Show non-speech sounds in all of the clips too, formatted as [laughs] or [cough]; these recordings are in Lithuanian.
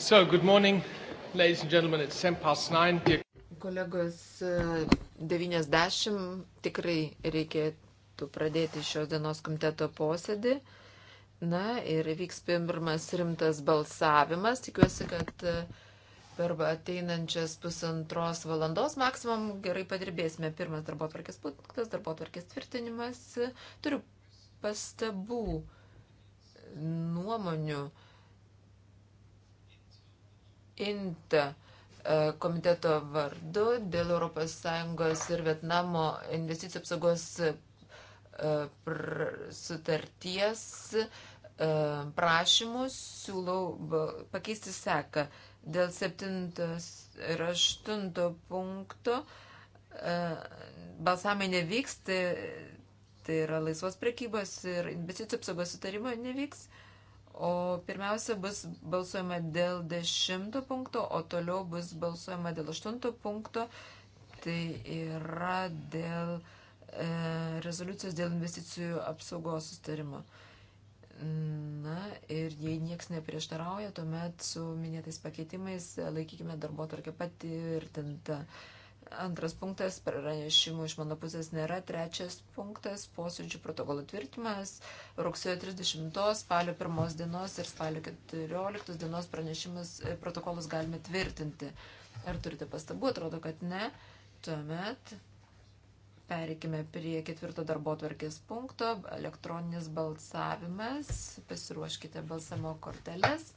So, good morning, ladies and gentlemen, it's 10 past 9. Dear... Kolegos, 90 tikrai reikėtų pradėti šios dienos komiteto posėdį. Na ir vyks pirmas rimtas balsavimas. Tikiuosi, kad e, per ateinančias pusantros valandos maksimum gerai padirbėsime. Pirmas darbo tvarkės punktas, darbo tvarkės tvirtinimas. Turiu pastabų, nuomonių INTA e, komiteto vardu dėl ES ir Vietnamo investicijų apsaugos e, sutarties e, prašymus siūlau pakeisti seką. Dėl 7 ir 8 punkto balsamai nevyks, tai, tai yra laisvos prekybos ir investicijų apsaugos sutarimo nevyks. Uh, O pirmiausia bus balsuojama dėl dešimto punkto, o toliau bus balsuojama dėl aštunto punkto. Tai yra dėl e, rezoliucijos dėl investicijų apsaugos sustarimo. Na ir jei nieks neprieštarauja, tuomet su minėtais pakeitimais laikykime darbo tarkia patvirtinta. E, Antras punktas - pranešimų iš mano pusės nėra. Trečias punktas - posėdžių protokolo tvirtimas. Rugsėjo 30, spalio 1 dienos ir spalio 14 dienos pranešimus e, protokolus galime tvirtinti. Ar turite pastabų? Atrodo, kad ne. Tuomet pereikime prie ketvirto darbo tvarkės punkto - elektroninis balsavimas. Pasiruoškite balsamo korteles.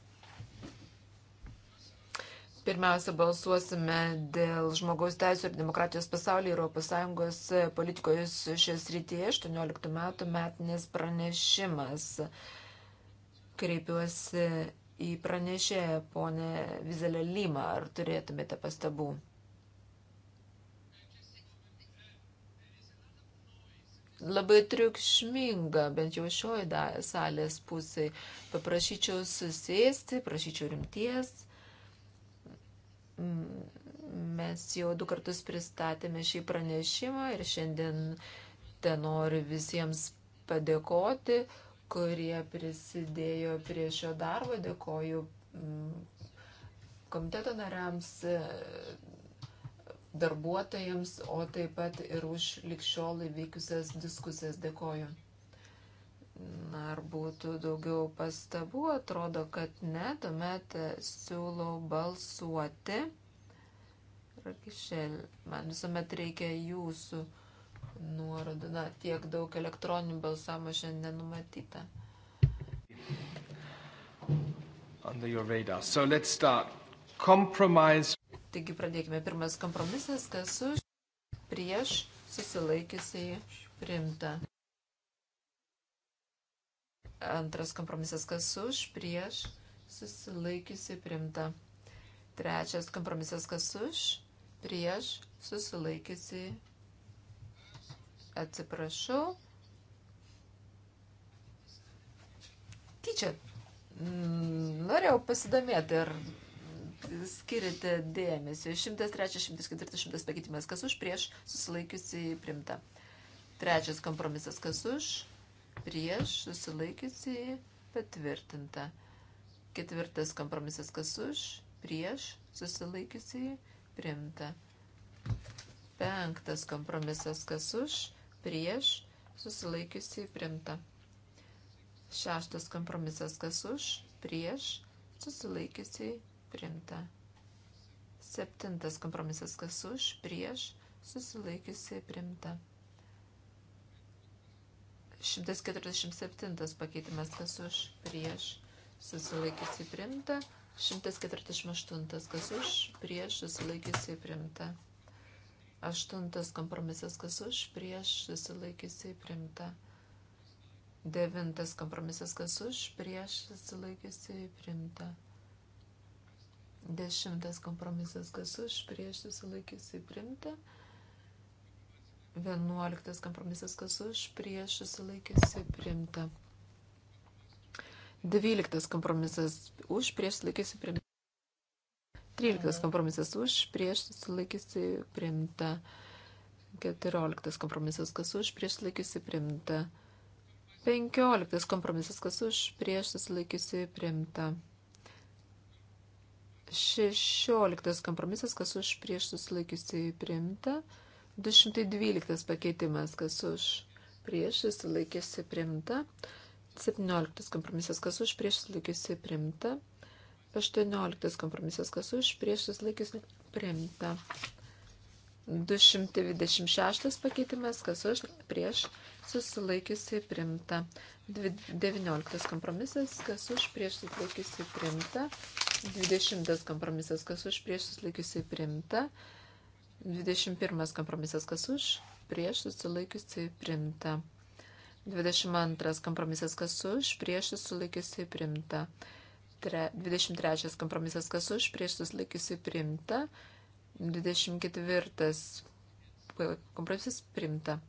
Pirmiausia, balsuosime dėl žmogaus teisų ir demokratijos pasaulyje Europos Sąjungos politikos šios rytyje 18 metų metinės pranešimas. Kreipiuosi į pranešėją, ponę Vizelę Lymą, ar turėtumėte pastabų? labai triukšminga, bent jau šioje salės pusėje. Paprašyčiau susėsti, prašyčiau rimties. Mes jau du kartus pristatėme šį pranešimą ir šiandien te noriu visiems padėkoti, kurie prisidėjo prie šio darbo. Dėkoju mm, komiteto nariams, darbuotojams, o taip pat ir už likščiol įvykusias diskusijas. Dėkoju būtų daugiau pastabų, atrodo, kad ne, tuomet e, siūlau balsuoti. Rakišėl, man visuomet reikia jūsų nuorodų, na, tiek daug elektroninių balsavimų šiandien numatyta. Under your radar. So let's start. Compromise. Taigi pradėkime. Pirmas kompromisas, kas už, prieš, susilaikysiai, primta. Antras kompromisas kas už, prieš, susilaikiusi primta. Trečias kompromisas kas už, prieš, susilaikiusi. Atsiprašau. Tyčia. Mm, norėjau pasidomėti, ar skiriate dėmesį. 103, 104, 100 pakeitimas kas už, prieš, susilaikiusi primta. Trečias kompromisas kas už prieš, susilaikiusi, patvirtinta. Ketvirtas kompromisas, kas už, prieš, susilaikiusi, priimta. Penktas kompromisas, kas už, prieš, susilaikiusi, priimta. Šeštas kompromisas, kas už, prieš, susilaikiusi, priimta. Septintas kompromisas, kas už, prieš, susilaikiusi, priimta. 147 pakeitimas, kas už, prieš, susilaikiusi primta. 148, kas už, prieš, susilaikiusi primta. 8 kompromisas, kas už, prieš, susilaikiusi primta. 9 kompromisas, kas už, prieš, susilaikiusi primta. 10 kompromisas, kas už, prieš, susilaikiusi primta. 11 11 kompromisas kas už, prieš susilaikiusi priimta. 12 kompromisas už, prieš susilaikiusi priimta. 13 kompromisas už, prieš susilaikiusi priimta. 14 kompromisas kas už, prieš susilaikiusi priimta. 15 kompromisas kas už, prieš susilaikiusi priimta. 16 kompromisas kas už, prieš susilaikiusi priimta. 16 212 pakeitimas, kas už prieš susilaikėsi primta. 17 kompromisas, kas už prieš susilaikėsi primta. 18 kompromisas, kas už prieš susilaikėsi primta. 226 pakeitimas, kas už prieš susilaikėsi primta. 19 kompromisas, kas už prieš susilaikėsi primta. 20 kompromisas, kas už prieš susilaikėsi primta. 20 21 kompromisas kas už, prieš susilaikiusi primta. 22 kompromisas kas už, prieš susilaikiusi primta. 23 kompromisas kas už, prieš susilaikiusi primta. 24 kompromisas primta.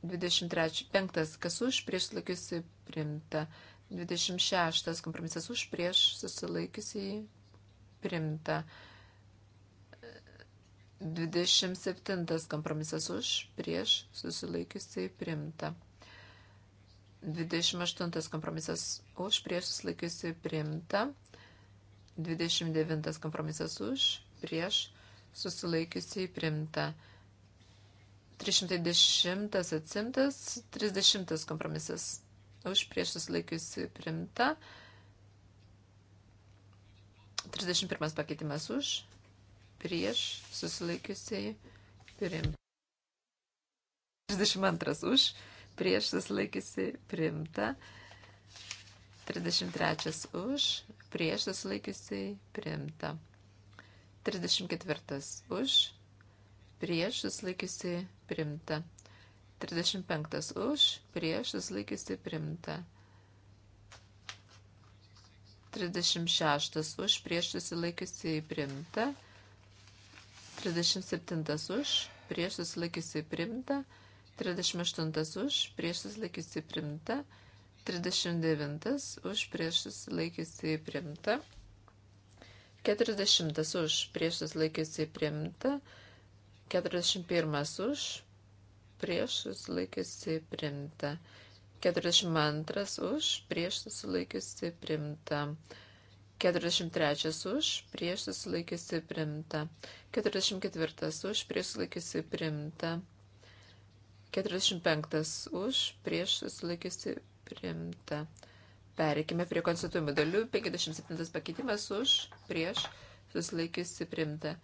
23 5 kas už, prieš susilaikiusi primta. 26 kompromisas už, prieš susilaikiusi primta. 27 kompromisas už, prieš, susilaikiusiai priimta. 28 kompromisas už, prieš, susilaikiusiai priimta. 29 kompromisas už, prieš, susilaikiusiai priimta. 310 atsimtas, 30 kompromisas už, prieš, susilaikiusiai priimta. 31 pakeitimas už, prieš susilaikiusiai priimta. 32 už, prieš susilaikiusiai priimta. 33 už, prieš susilaikiusiai priimta. 34 už, prieš susilaikiusiai priimta. 35 už, prieš susilaikiusiai priimta. 36 už, prieš susilaikiusiai priimta. 37 už, prieš susilaikiusi primta, 38 už, prieš susilaikiusi primta, 39 už, prieš susilaikiusi primta, 40 už, prieš susilaikiusi primta, 41 už, prieš susilaikiusi primta, 42 už, prieš susilaikiusi primta. 42 už, prieš susilaikiusi primta. 43 už, prieš susilaikiusi primta. 44 už, prieš susilaikiusi primta. 45 už, prieš susilaikiusi primta. Pereikime prie konstituojimo dalių. 57 pakeitimas už, prieš susilaikiusi primta.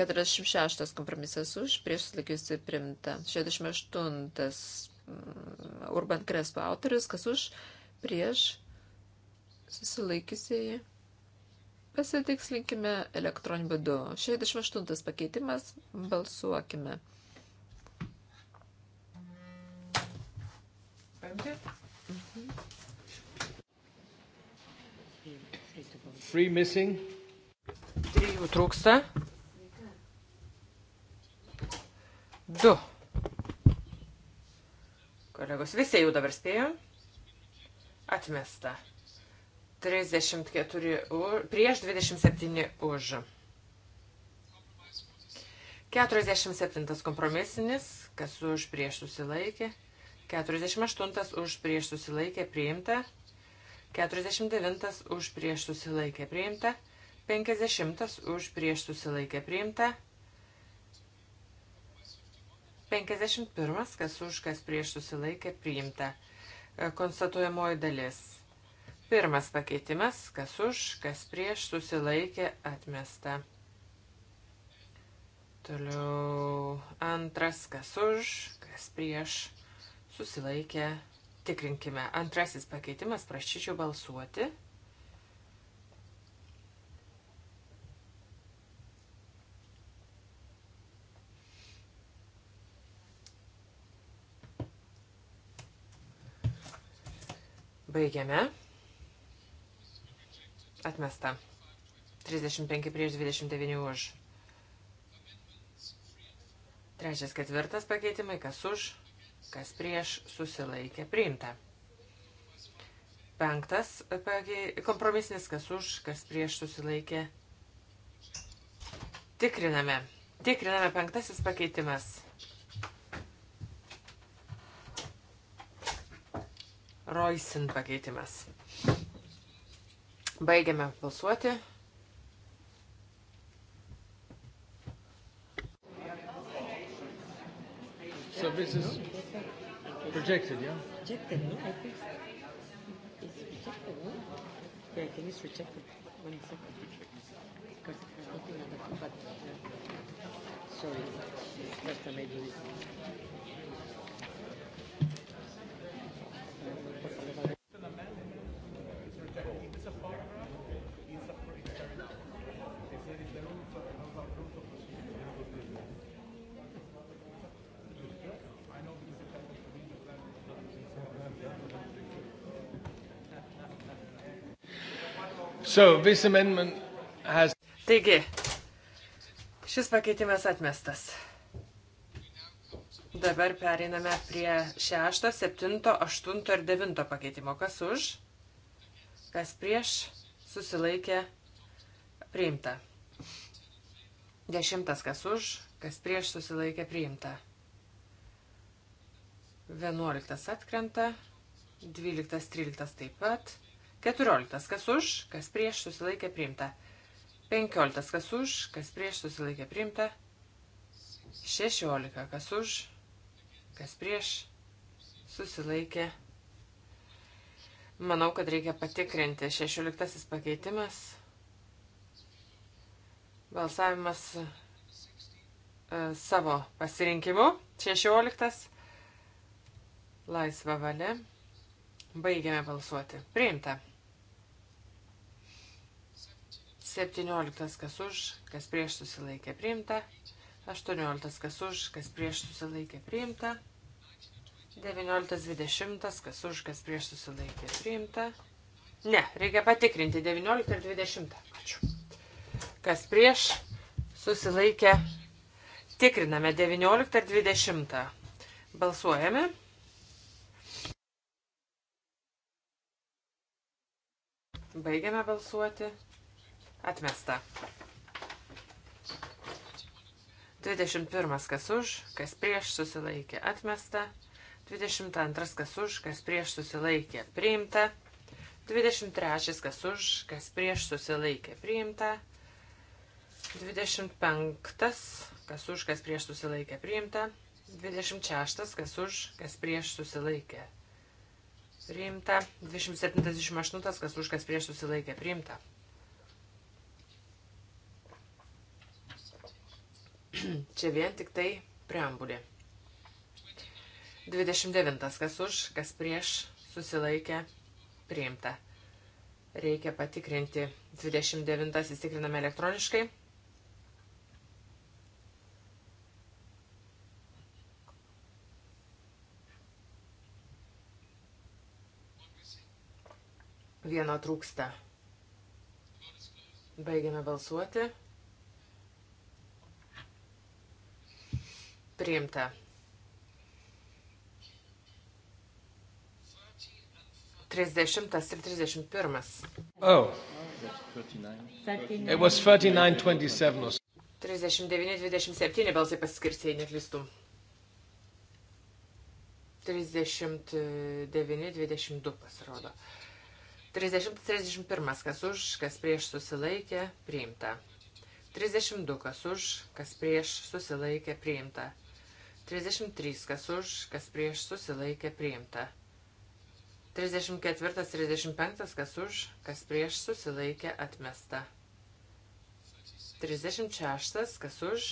46 kompromisas už, prieš susilaikiusi primta. 68 mm, Urban Krespo autorius, kas už, prieš susilaikiusieji. Pasitikslinkime elektroniniu būdu. 68 pakeitimas. Balsuokime. Free mhm. missing. Trijų trūksta. Du. Kolegos, visi jau dabar spėjo. Atmesta. 34 už, prieš 27 už. 47 kompromisinis, kas už prieš susilaikė. 48 už prieš susilaikė priimta. 49 už prieš susilaikė priimta. 50 už prieš susilaikė priimta. 51 kas už kas prieš susilaikė priimta. Konstatuojamoji dalis. Pirmas pakeitimas, kas už, kas prieš, susilaikė, atmesta. Toliau antras, kas už, kas prieš, susilaikė, tikrinkime. Antrasis pakeitimas, prašyčiau balsuoti. Baigiame. Atmesta. 35 prieš 29 už. Trečias, ketvirtas pakeitimai, kas už, kas prieš, susilaikė, priimta. Penktas kompromisinis, kas už, kas prieš, susilaikė. Tikriname. Tikriname penktasis pakeitimas. Roisin pakeitimas. Baigiame balsuoti. So this is rejected, yeah? Rejected, no? I think it's rejected, no? Yeah, I think it's rejected. One second. Because there's nothing on the but uh, sorry, that's the major reason. So, this amendment has... Taigi, šis pakeitimas atmestas. Dabar pereiname prie 6, 7, 8 ir 9 pakeitimo. Kas už, kas prieš, susilaikė, priimta. 10, kas už, kas prieš, susilaikė, priimta. 11 atkrenta, 12, 13 taip pat. 14. Kas už, kas prieš susilaikė priimta. 15. Kas už, kas prieš susilaikė priimta. 16. Kas už, kas prieš susilaikė. Manau, kad reikia patikrinti. 16. pakeitimas. Balsavimas e, savo pasirinkimu. 16. Laisva valia. Baigiame balsuoti. Priimta. 17 kas už, kas prieš susilaikė priimta. 18 kas už, kas prieš susilaikė priimta. 19.20 kas už, kas prieš susilaikė priimta. Ne, reikia patikrinti 19 ir 20. Ačiū. Kas prieš susilaikė. Tikriname 19 ir 20. Balsuojame. Baigiame balsuoti. Atmesta. 21. Kas už, kas prieš susilaikė. Atmesta. 22. Kas už, kas prieš susilaikė. Priimta. 23. Kas už, kas prieš susilaikė. Priimta. 25. Kas už, kas prieš susilaikė. Priimta. 26. Kas už, kas prieš susilaikė. Priimta. 27. 28. Kas už, kas prieš susilaikė. Priimta. Čia vien tik tai preambulė. 29. Kas už, kas prieš, susilaikė, priimta. Reikia patikrinti. 29. Įstikriname elektroniškai. Vieno trūksta. Baigiame balsuoti. priimta. 30 ir 31. Oh. 39, 27 balsai pasiskirsiai, neklistum. 39, 22 pasirodo. 30, 31, kas už, kas prieš susilaikė, priimta. 32, kas už, kas prieš susilaikė, priimta. 33, kas už, kas prieš susilaikė priimta. 34, 35, kas už, kas prieš susilaikė atmesta. 36, kas už,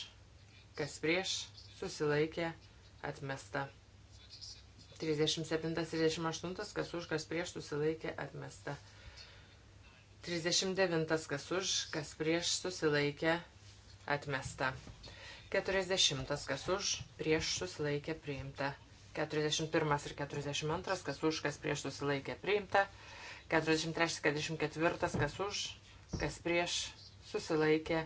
kas prieš susilaikė atmesta. 37, 38, kas už, kas prieš susilaikė atmesta. 39, kas už, kas prieš susilaikė atmesta. 40. Kas už, prieš susilaikė priimta. 41 ir 42. Kas už, kas prieš susilaikė priimta. 43, 44. Kas už, kas prieš susilaikė.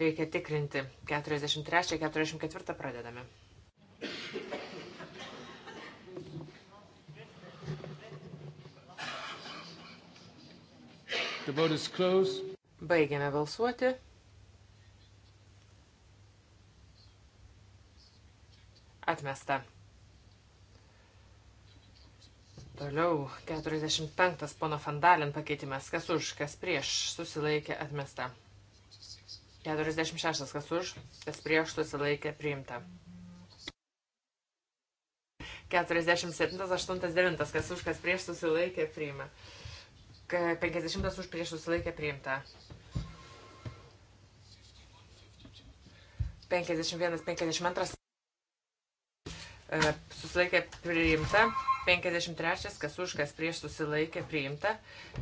Reikia tikrinti. 43, 44 pradedame. Baigiame balsuoti. Atmesta. Toliau 45 pono Fandalin pakeitimas. Kas už, kas prieš, susilaikė atmesta. 46 kas už, kas prieš, susilaikė priimta. 47, 8, 9 kas už, kas prieš, susilaikė priima. 50 už, prieš, susilaikė priimta. 51, 52 E, susilaikė priimta, 53 kas už, kas prieš susilaikė priimta,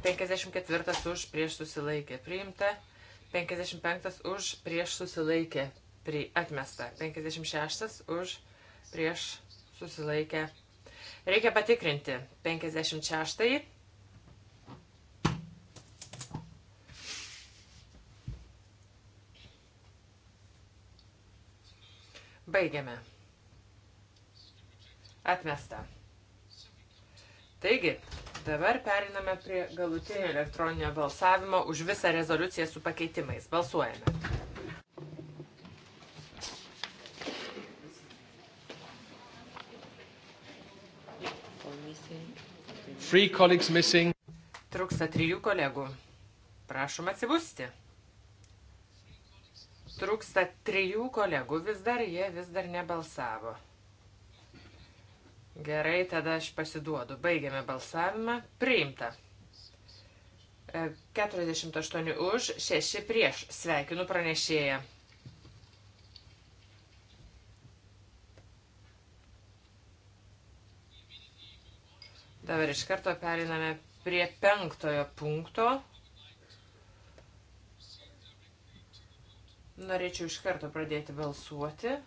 54 už, prieš susilaikė priimta, 55 už, prieš susilaikė pri, atmesta, 56 už, prieš susilaikė. Reikia patikrinti 56. Baigiame. Atmesta. Taigi, dabar periname prie galutinio elektroninio balsavimo už visą rezoliuciją su pakeitimais. Balsuojame. Three colleagues missing. Truksta trijų kolegų. Prašom atsibusti. Truksta trijų kolegų, vis dar jie vis dar nebalsavo. Gerai, tada aš pasiduodu. Baigiame balsavimą. Priimta. 48 e, už, 6 prieš. Sveikinu pranešėją. Dabar iš karto periname prie penktojo punkto. Norėčiau iš karto pradėti balsuoti.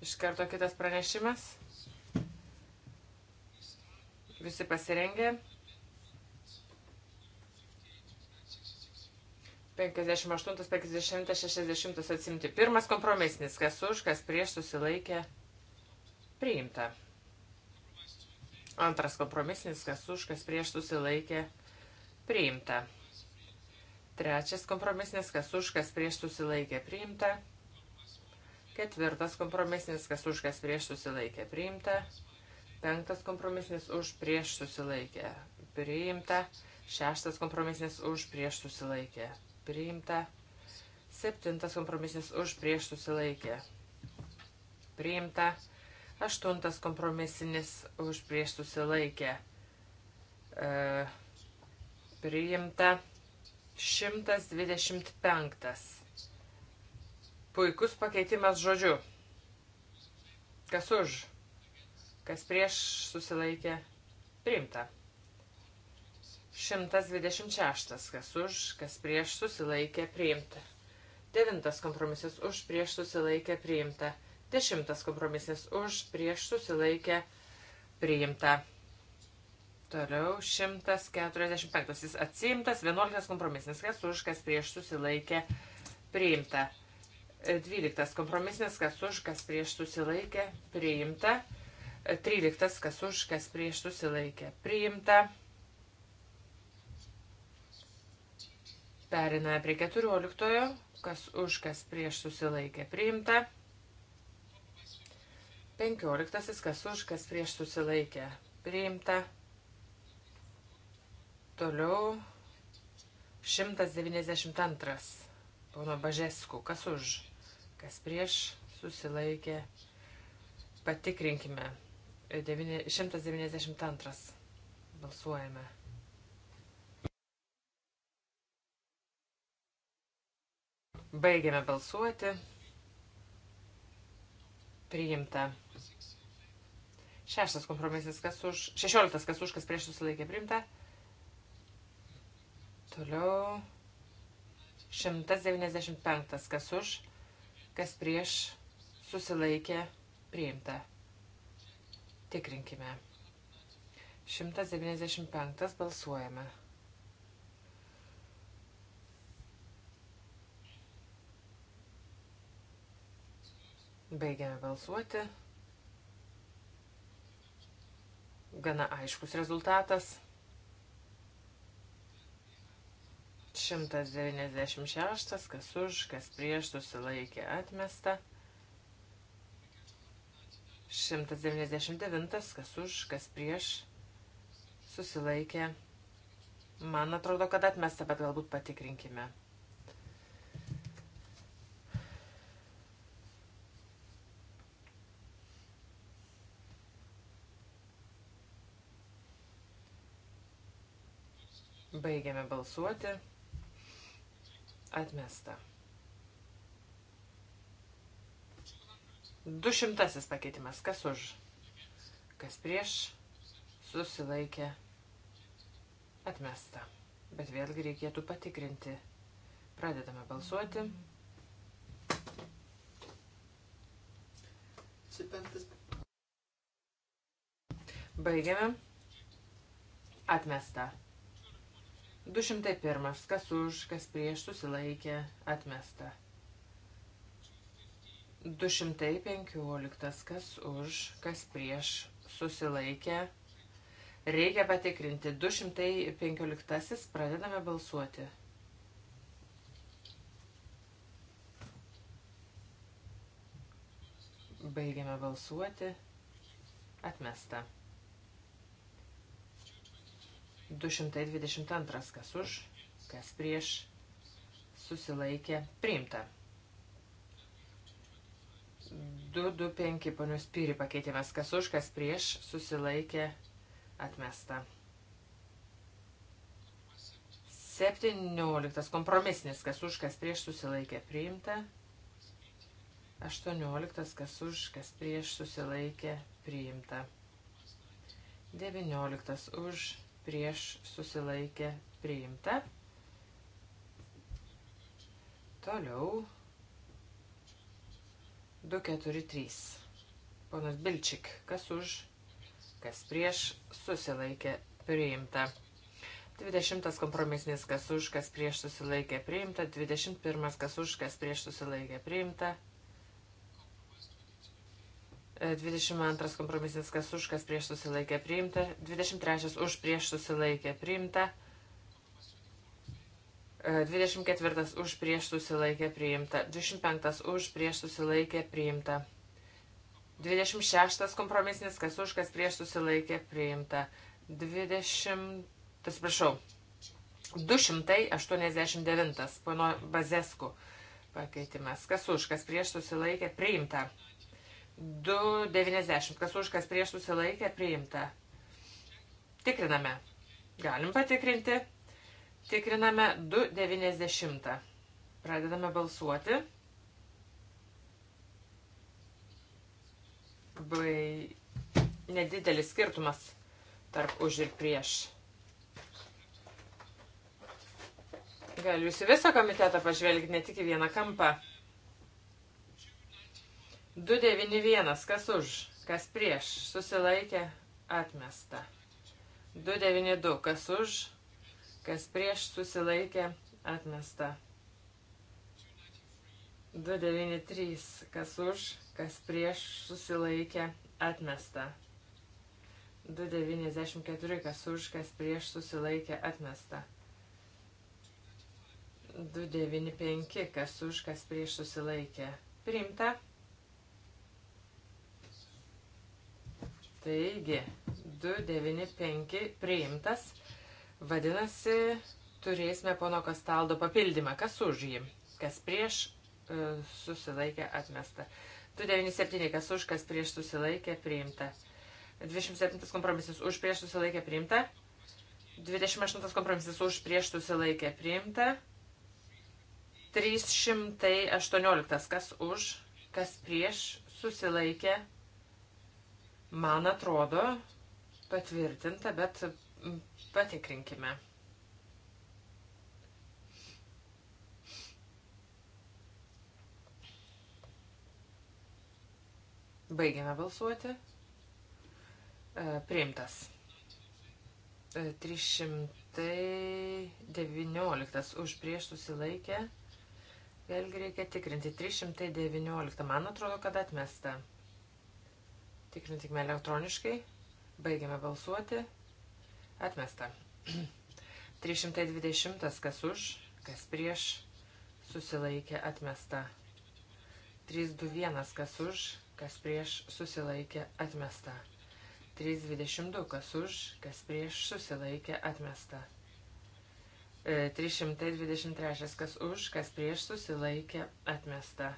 Iš karto kitas pranešimas. Visi pasirengė. 58, 50, 60 atsimti. Pirmas kompromisinis. Kas už, kas prieš susilaikė. Priimta. Antras kompromisinis. Kas už, kas prieš susilaikė. Priimta. Trečias kompromisinis. Kas už, kas prieš susilaikė. Priimta. Priimta. Ketvirtas kompromisinis, kas už, kas prieš susilaikė, priimta. Penktas kompromisinis už, prieš susilaikė, priimta. Šeštas kompromisinis už, prieš susilaikė, priimta. Septintas kompromisinis už, prieš susilaikė, priimta. Aštuntas kompromisinis už, prieš susilaikė, e, priimta. 125 Puikus pakeitimas žodžiu. Kas už, kas prieš susilaikė, priimta. 126. Kas už, kas prieš susilaikė, priimta. 9. Kompromisas už, prieš susilaikė, priimta. 10. Kompromisas už, prieš susilaikė, priimta. Toliau 145. Jis atsiimtas, 11 kompromisinis, kas už, kas prieš susilaikė, priimta. 12 kompromisinis, kas už, kas prieš susilaikė, priimta. 13 kas už, kas prieš susilaikė, priimta. Periname prie 14, kas už, kas prieš susilaikė, priimta. 15 kas už, kas prieš susilaikė, priimta. Toliau 192. Pono Bažesku, kas už, kas prieš susilaikė. Patikrinkime. 192. Balsuojame. Baigiame balsuoti. Priimta. Šeštas kompromisas, kas už. Šešioliktas, kas už, kas prieš susilaikė. Priimta. Toliau. 195. Kas už, kas prieš, susilaikė, priimta. Tikrinkime. 195. Balsuojame. Baigiame balsuoti. Gana aiškus rezultatas. 196, kas už, kas prieš susilaikė atmesta. 199, kas už, kas prieš susilaikė. Man atrodo, kad atmesta, bet galbūt patikrinkime. Baigiame balsuoti. Atmesta. Du šimtasis pakeitimas. Kas už? Kas prieš? Susilaikė. Atmesta. Bet vėlgi reikėtų patikrinti. Pradedame balsuoti. Baigiame. Atmesta. 201. Kas už, kas prieš susilaikė, atmesta. 215. Kas už, kas prieš susilaikė. Reikia patikrinti. 215. Pradedame balsuoti. Baigiame balsuoti. Atmesta. 222 kas už, kas prieš susilaikė priimta. 225 ponius pyri pakeitimas kas už, kas prieš susilaikė atmesta. 17 kompromisinis kas už, kas prieš susilaikė priimta. 18 kas už, kas prieš susilaikė priimta. 19 už prieš susilaikė priimta. Toliau 243. Ponas Bilčik, kas už, kas prieš susilaikė priimta. 20 kompromisinis kas už, kas prieš susilaikė priimta, 21 kas už, kas prieš susilaikė priimta, 22 kompromisinis kas už, kas prieš susilaikė priimta. 23 už prieš susilaikė priimta. 24 už prieš susilaikė priimta. 25 už prieš susilaikė priimta. 26 kompromisinis kas už, kas prieš susilaikė priimta. 20, atsiprašau, 289 pono Bazesku pakeitimas. Kas už, kas prieš susilaikė priimta. 2,90. Kas už, kas prieš susilaikė, priimta. Tikriname. Galim patikrinti. Tikriname 2,90. Pradedame balsuoti. Bai nedidelis skirtumas tarp už ir prieš. Galiu į visą komitetą pažvelgti, ne tik į vieną kampą. 291. Kas už? Kas prieš? Susilaikė atmesta. 292. Kas už? Kas prieš? Susilaikė atmesta. 293. Kas už? Kas prieš? Susilaikė atmesta. 294. Kas už? Kas prieš? Susilaikė atmesta. 295, kas už, kas prieš susilaikė. Priimta. Taigi, 295 priimtas. Vadinasi, turėsime pono Kastaldo papildymą. Kas už jį? Kas prieš e, susilaikė atmesta. 297, kas už, kas prieš susilaikė priimta. 27 kompromisas už prieš susilaikė priimta. 28 kompromisas už prieš susilaikė priimta. 318, kas už, kas prieš susilaikė priimta Man atrodo, patvirtinta, bet patikrinkime. Baigiame balsuoti. E, priimtas. 319 e, už prieš susilaikę. Vėlgi reikia tikrinti. 319. Man atrodo, kad atmesta. Tikrinkime elektroniškai. Baigiame balsuoti. Atmesta. 320 [clears throat] kas už, kas prieš, susilaikė atmesta. 321 kas už, kas prieš, susilaikė atmesta. 322 kas už, kas prieš, susilaikė atmesta. 323 e, kas už, kas prieš, susilaikė atmesta.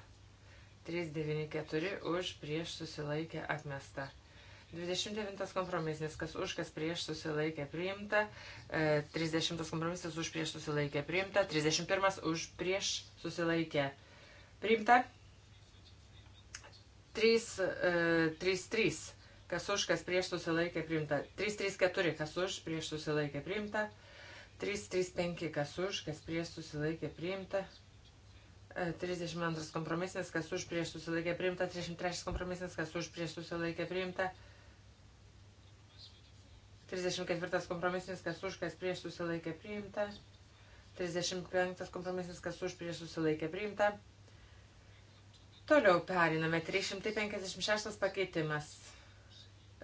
394 už prieš susilaikę atmesta. 29 kompromisnis, kas už, kas prieš susilaikė priimta, 30 e, kompromisas už prieš susilaikė priimta, 31 už prieš susilaikė priimta, 3, 3, 3, kas už, kas prieš susilaikė priimta, 3, 3, 4, kas už, prieš susilaikė priimta, 3, 3, 5, kas už, kas prieš susilaikė priimta, 3, 3, 5, 32 kompromisinis, kas už prieš susilaikė priimta, 33 kompromisinis, kas už prieš susilaikė priimta, 34 kompromisinis, kas už, kas prieš susilaikė priimta, 35 kompromisinis, kas už prieš susilaikė priimta. Toliau periname, 356 pakeitimas.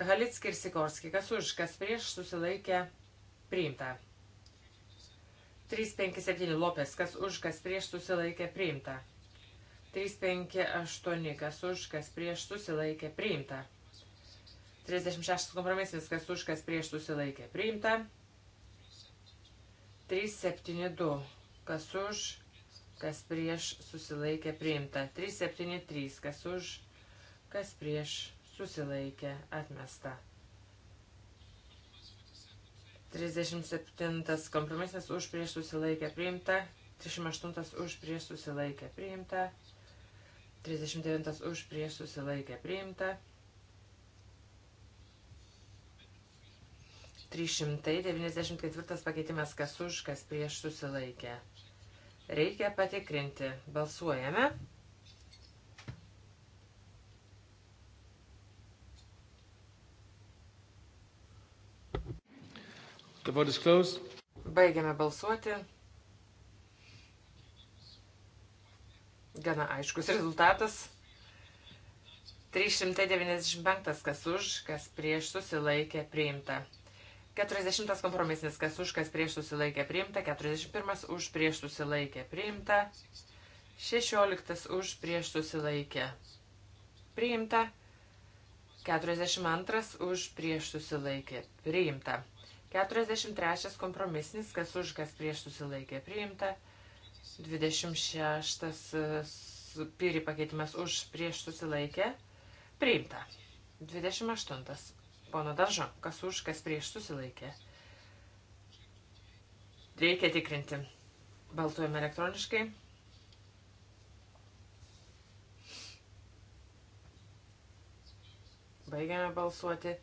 Halitski ir Sikorski, kas už, kas prieš susilaikė priimta. 357 Lopės, kas už, kas prieš susilaikė priimta. 358, kas už, kas prieš susilaikė priimta. 36 kompromisinis, kas už, kas prieš susilaikė priimta. 372, kas už, kas prieš susilaikė priimta. 373, kas už, kas prieš susilaikė atmesta. 37 kompromisas už prieš susilaikę priimta, 38 už prieš susilaikę priimta, 39 už prieš susilaikę priimta, 394 pakeitimas kas už, kas prieš susilaikę. Reikia patikrinti. Balsuojame. Baigiame balsuoti. Gana aiškus rezultatas. 395 kas už, kas prieš susilaikė priimta. 40 kompromisinis kas už, kas prieš susilaikė priimta. 41 už prieš susilaikė priimta. 16 už prieš susilaikė priimta. 42 už prieš susilaikė priimta. 43 kompromisinis, kas už, kas prieš susilaikė priimta. 26 e, pyri pakeitimas už, prieš susilaikė priimta. 28 pono daržo, kas už, kas prieš susilaikė. Reikia tikrinti. Baltuojame elektroniškai. Baigiame balsuoti.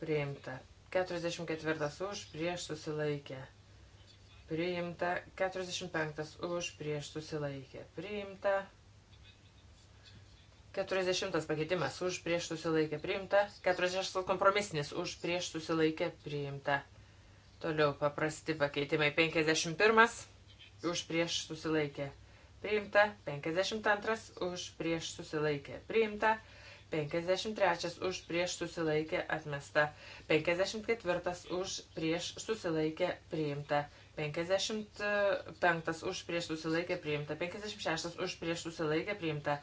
Priimta. 44 už prieš susilaikė. Priimta 45 už prieš susilaikė. Priimta 40 pakeitimas už prieš susilaikė. Priimta 46 kompromisinis už prieš susilaikė. Priimta. Toliau paprasti pakeitimai 51 už prieš susilaikė. Priimta 52 už prieš susilaikė. Priimta 52 53 už prieš susilaikė atmesta, 54 už prieš susilaikė priimta, 55 už prieš susilaikė priimta, 56 už prieš susilaikė priimta,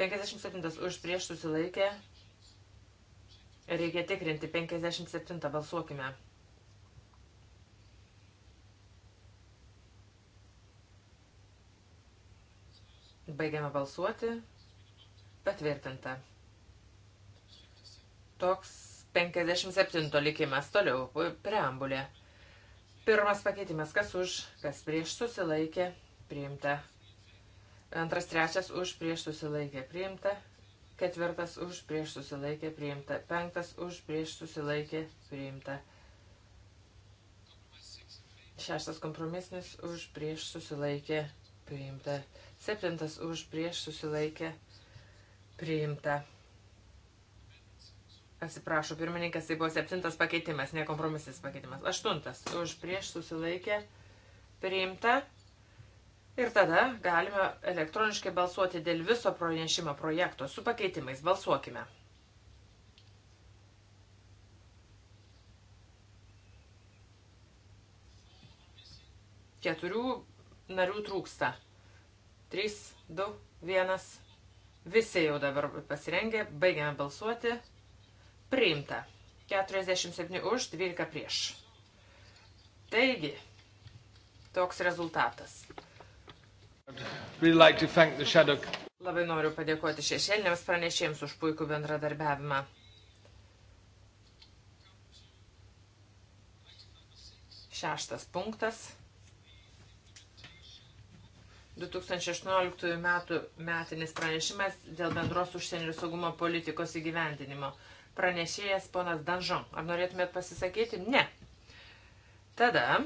57 už prieš susilaikė. Reikia tikrinti, 57 balsuokime. Baigiame balsuoti. Patvirtinta toks 57 likimas. Toliau, preambulė. Pirmas pakeitimas, kas už, kas prieš susilaikė, priimta. Antras, trečias, už, prieš susilaikė, priimta. Ketvirtas, už, prieš susilaikė, priimta. Penktas, už, prieš susilaikė, priimta. Šeštas kompromisnis, už, prieš susilaikė, priimta. Septintas, už, prieš susilaikė, priimta. Atsiprašau, pirmininkas, tai buvo septintas pakeitimas, ne kompromisis pakeitimas. Aštuntas. Už prieš susilaikę priimta. Ir tada galime elektroniškai balsuoti dėl viso pranešimo projekto su pakeitimais. Balsuokime. Keturių narių trūksta. Trys, du, vienas. Visi jau dabar pasirengė. Baigiame balsuoti. Priimta. 47 už, 12 prieš. Taigi, toks rezultatas. Really like Labai noriu padėkoti šešėlėms pranešėjams už puikų bendradarbiavimą. Šeštas punktas. 2016 m. metinis pranešimas dėl bendros užsienio ir saugumo politikos įgyvendinimo. Pranešėjas ponas Danžon. Ar norėtumėt pasisakyti? Ne. Tada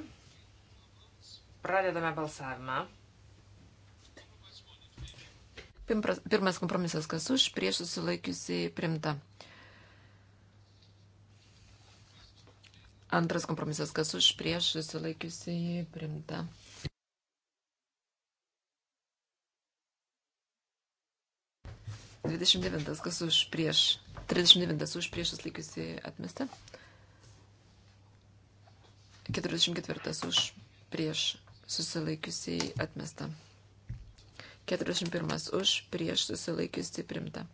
pradedame balsavimą. Pirmas kompromisas, kas už, prieš susilaikiusi primta. Antras kompromisas, kas už, prieš susilaikiusi primta. Dvidešimt devintas, kas už, prieš 39 už priešus laikiusi atmesta. 44 už prieš susilaikiusiai atmesta. 41 už prieš susilaikiusiai primta.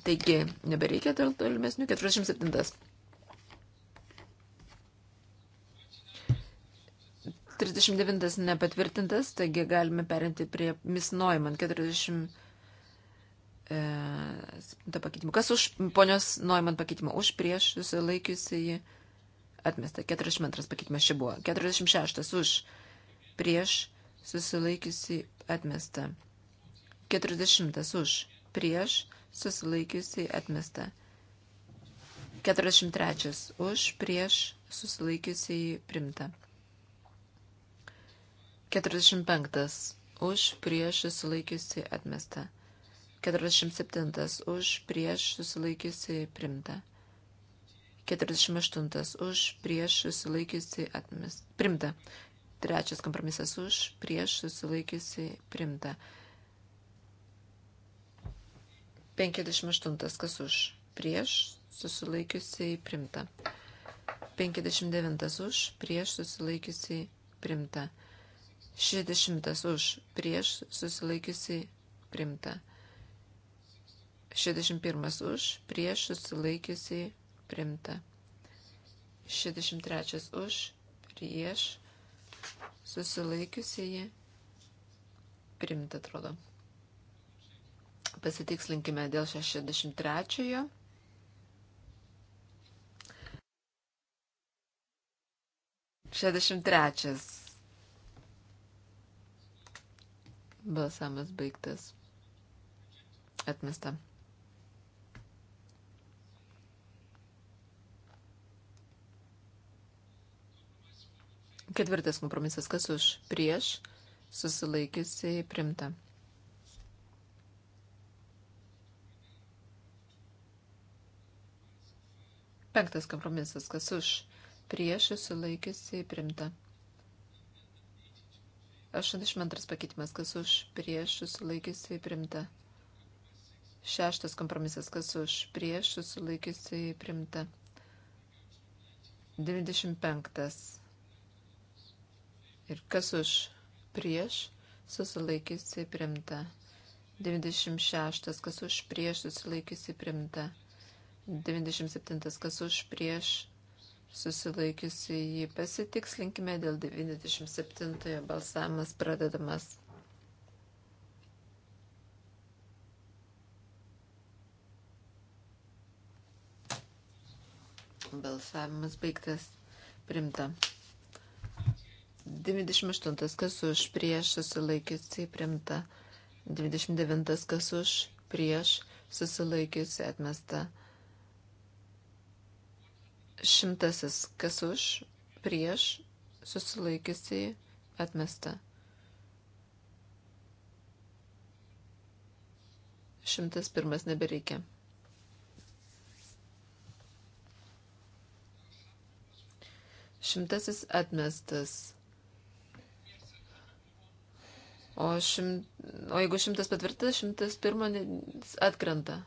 Taigi, nebereikia dėl tolimesnių 47. 39 nepatvirtintas, taigi galime perinti prie Miss Neumann 40. E, pakeitimų. Kas už ponios Neumann pakeitimą? Už prieš susilaikiusi jį atmesta. 42 pakeitimas čia buvo. 46 už prieš susilaikiusi atmesta. 40 už prieš susilaikiusi atmesta. 43 už prieš susilaikiusi primta. 45. Už prieš susilaikiusi atmesta. 47. Už prieš susilaikiusi primta. 48. Už prieš susilaikiusi atmesta. Primta. Trečias kompromisas už prieš susilaikiusi primta. 58. Kas už prieš susilaikiusi primta. 59. Už prieš susilaikiusi primta. 60 už prieš susilaikiusi primta. 61 už prieš susilaikiusi primta. 63 už prieš susilaikiusi primta atrodo. Pasitikslinkime dėl 63. Šedešimt trečias. Balsavimas baigtas. Atmesta. Ketvirtas kompromisas, kas už prieš, susilaikiusiai primta. Penktas kompromisas, kas už prieš, susilaikiusiai primta. 82 pakeitimas, kas už prieš susilaikiusiai primta. Šeštas kompromisas, kas už prieš susilaikiusiai primta. 95. Ir kas už prieš susilaikiusiai primta. 96. Kas už prieš susilaikiusiai primta. 97. Kas už prieš susilaikiusi jį. Pasitikslinkime dėl 97-ojo balsavimas pradedamas. Balsavimas baigtas. Primta. 28 kas už prieš susilaikiusi primta. 29 kas už prieš susilaikiusi atmesta. Šimtasis, kas už, prieš, susilaikiusiai, atmesta. Šimtas pirmas nebereikia. Šimtasis atmestas. O, šim... o jeigu šimtas patvirtintas, šimtas pirmas atkrenta.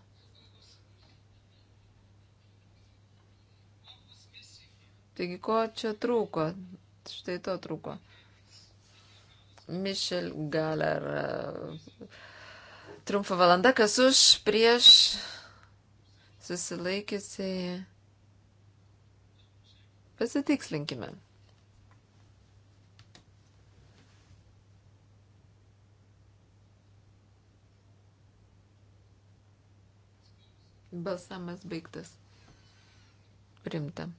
Taigi, ko čia trūko? Štai to trūko. Mišel Galer. Trumpa valanda, kas už, prieš susilaikysiai. Pasitikslinkime. Balsamas baigtas. Primta.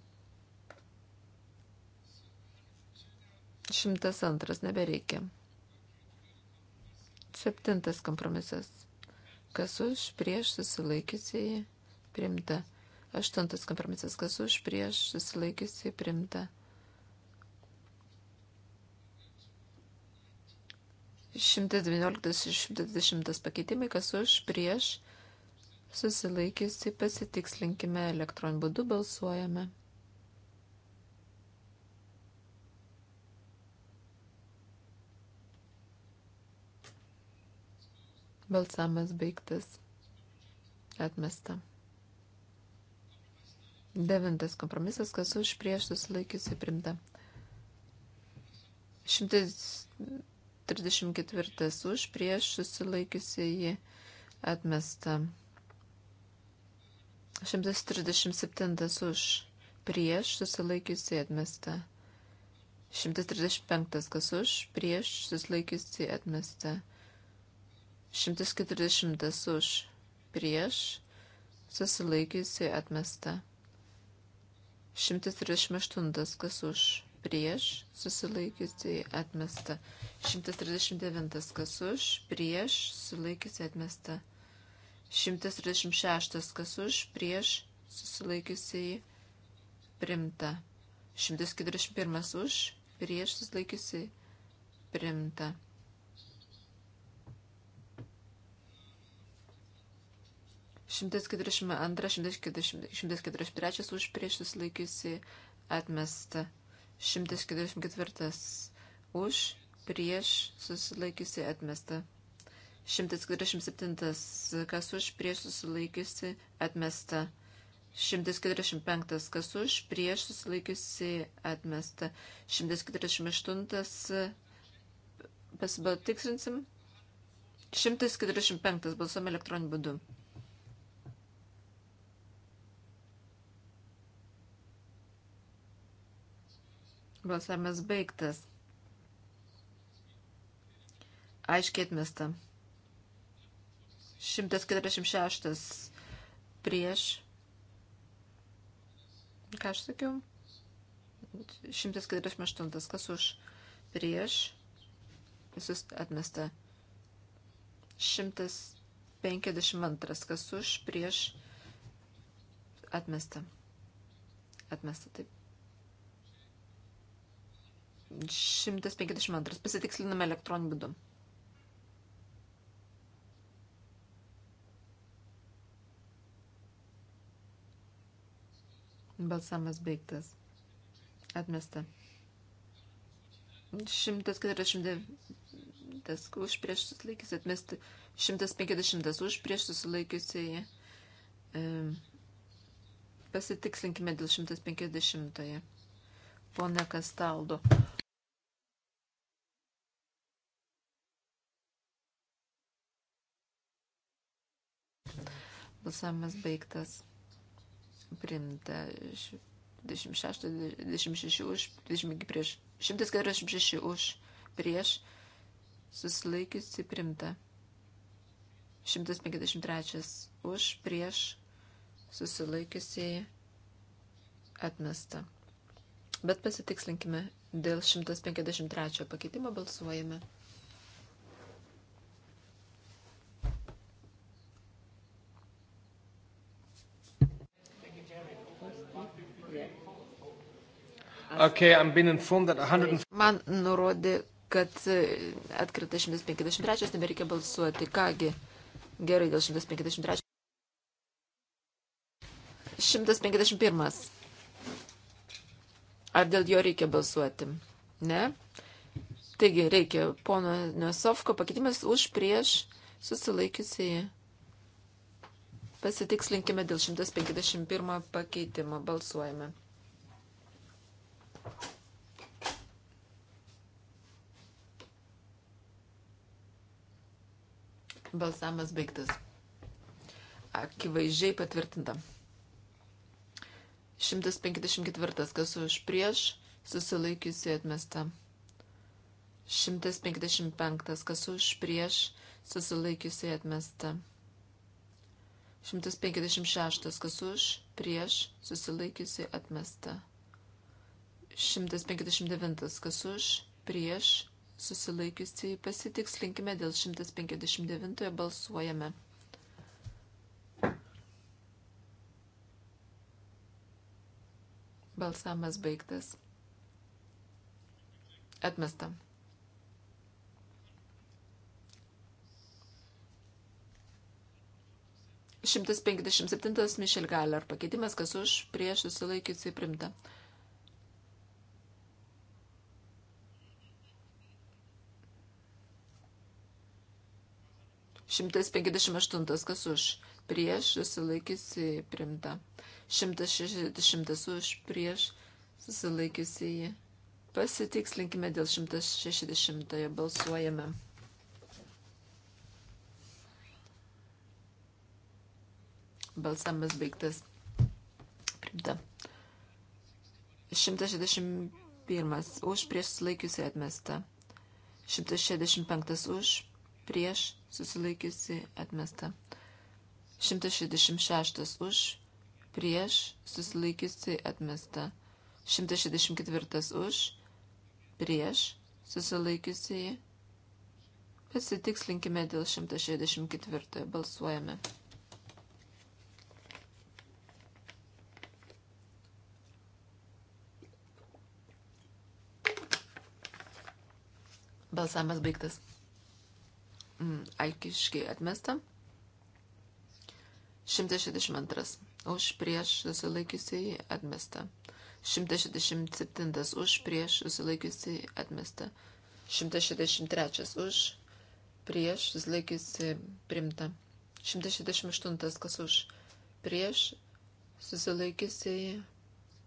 102 nebereikia. Septintas kompromisas. Kas už, prieš susilaikiusiai primta. Aštuntas kompromisas. Kas už, prieš susilaikiusiai primta. Šimtas dvynioliktas ir šimtas dešimtas pakeitimai. Kas už, prieš susilaikiusiai pasitikslinkime elektroniniu būdu balsuojame. Balsamas baigtas. Atmesta. Devintas kompromisas, kas už prieš susilaikiusi primta. 134 už prieš susilaikiusi jį atmesta. 137 už prieš susilaikiusi atmesta. 135 kas už prieš susilaikiusi atmesta. 140 už prieš susilaikiusi atmesta. 138 kas už prieš susilaikiusi atmesta. 139 kas už prieš susilaikiusi atmesta. 136 kas už prieš susilaikiusi primta. 141 už prieš susilaikiusi primta. 142, 143 už prieš susilaikiusi atmesta. 144 už prieš susilaikiusi atmesta. 147 kas už prieš susilaikiusi atmesta. 145 kas už prieš susilaikiusi atmesta. 148 pasibaltiksinsim. 145 balsuom elektroniniu būdu. Balsavimas baigtas. Aiškiai atmesta. 146 prieš. Ką aš sakiau? 148. Kas už? Prieš. Visus atmesta. 152. Kas už? Prieš. Atmesta. Atmesta taip. 152. Pasitiksliname elektroniniu būdu. Balsamas baigtas. Atmesta. 149 už prieš susilaikius atmesti. 150 už prieš susilaikiusiai. Pasitikslinkime dėl 150. Pone Kastaldo. Balsavimas baigtas. Primta 26, 26 už, 20 prieš, 146 už, prieš, susilaikiusi primta. 153 už, prieš, susilaikiusiai atmesta. Bet pasitikslinkime, dėl 153 pakeitimo balsuojame. Okay, and... Man nurodė, kad e, atkrita 153, nebereikia balsuoti. Kągi, gerai dėl 153. 151. Ar dėl jo reikia balsuoti? Ne? Taigi, reikia pono Nesovko pakeitimas už prieš susilaikiusiai. Pasitikslinkime dėl 151 pakeitimo. Balsuojame. Balsamas baigtas. Akivaizdžiai patvirtinta. 154. Kas už prieš susilaikiusi atmesta. 155. Kas už prieš susilaikiusi atmesta. 156. Kas už prieš susilaikiusi atmesta. 159. Kas už, prieš, susilaikiusiai pasitikslinkime dėl 159 balsuojame. Balsamas baigtas. Atmesta. Šimtas penkdesimt septintas Mišel Galer pakeitimas, kas už prieš susilaikiusiai primta. 158 kas už prieš susilaikiusi primta. 160 už prieš susilaikiusi jį. Pasitikslinkime dėl 160 balsuojame. Balsamas baigtas. Primta. 161 už prieš susilaikiusi atmesta. 165 už prieš susilaikiusi atmesta. 166 už, prieš susilaikiusi atmesta. 164 už, prieš susilaikiusi. Pasitikslinkime dėl 164. Balsuojame. Balsavimas baigtas. Mm, Aikiškiai atmesta. 162. Už prieš susilaikiusiai atmesta. 167. Už prieš susilaikiusiai atmesta. 163. Už prieš susilaikiusiai primta. 168. Kas už prieš susilaikiusiai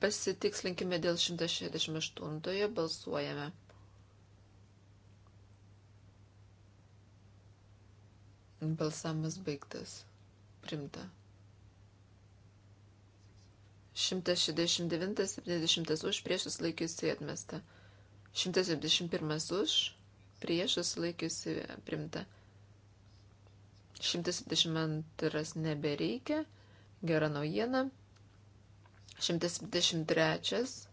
pasitikslinkime dėl 168. Balsuojame. Balsavimas baigtas. Primta. 169-70 už priešus laikiusi atmesta. 171 už priešus laikiusi primta. 172 nebereikia. Gera naujiena. 173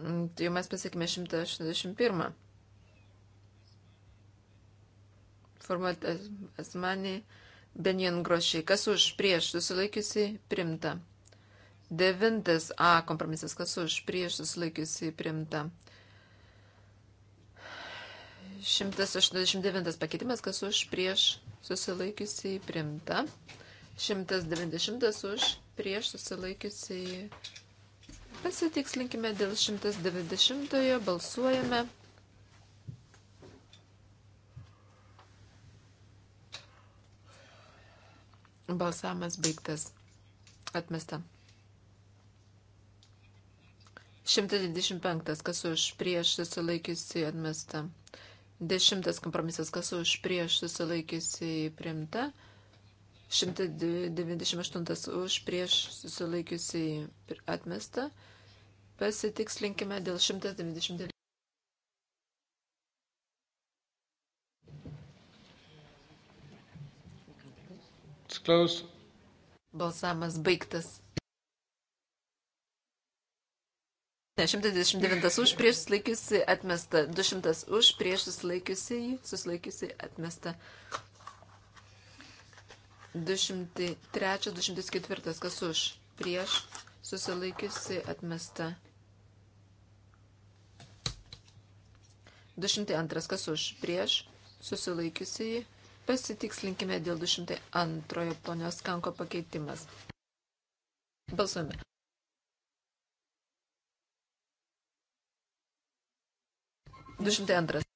Mm, tai jau mes pasiekime 181. Formuot asmenį Benjen Grošiai. Kas už prieš susilaikiusi primta. Devintas A kompromisas. Kas už prieš susilaikiusi primta. 189 pakeitimas, kas už prieš susilaikiusiai primta. 190 už prieš susilaikiusiai Pasitikslinkime dėl 190-ojo, balsuojame. Balsavimas baigtas. Atmesta. 125, kas už prieš susilaikiusi atmesta. 10 kompromisas, kas už prieš susilaikiusi primta. 198 už prieš susilaikiusiai atmestą. Pasitikslinkime dėl 199. Balsamas baigtas. Ne, 129 už prieš susilaikiusi atmesta, 200 už prieš susilaikiusi, susilaikiusi atmesta, 203-204, kas už, prieš, susilaikiusi atmesta. 202, kas už, prieš, susilaikiusi. Pasitikslinkime dėl 202 ponios kanko pakeitimas. Balsuojame. Du šimtai antras.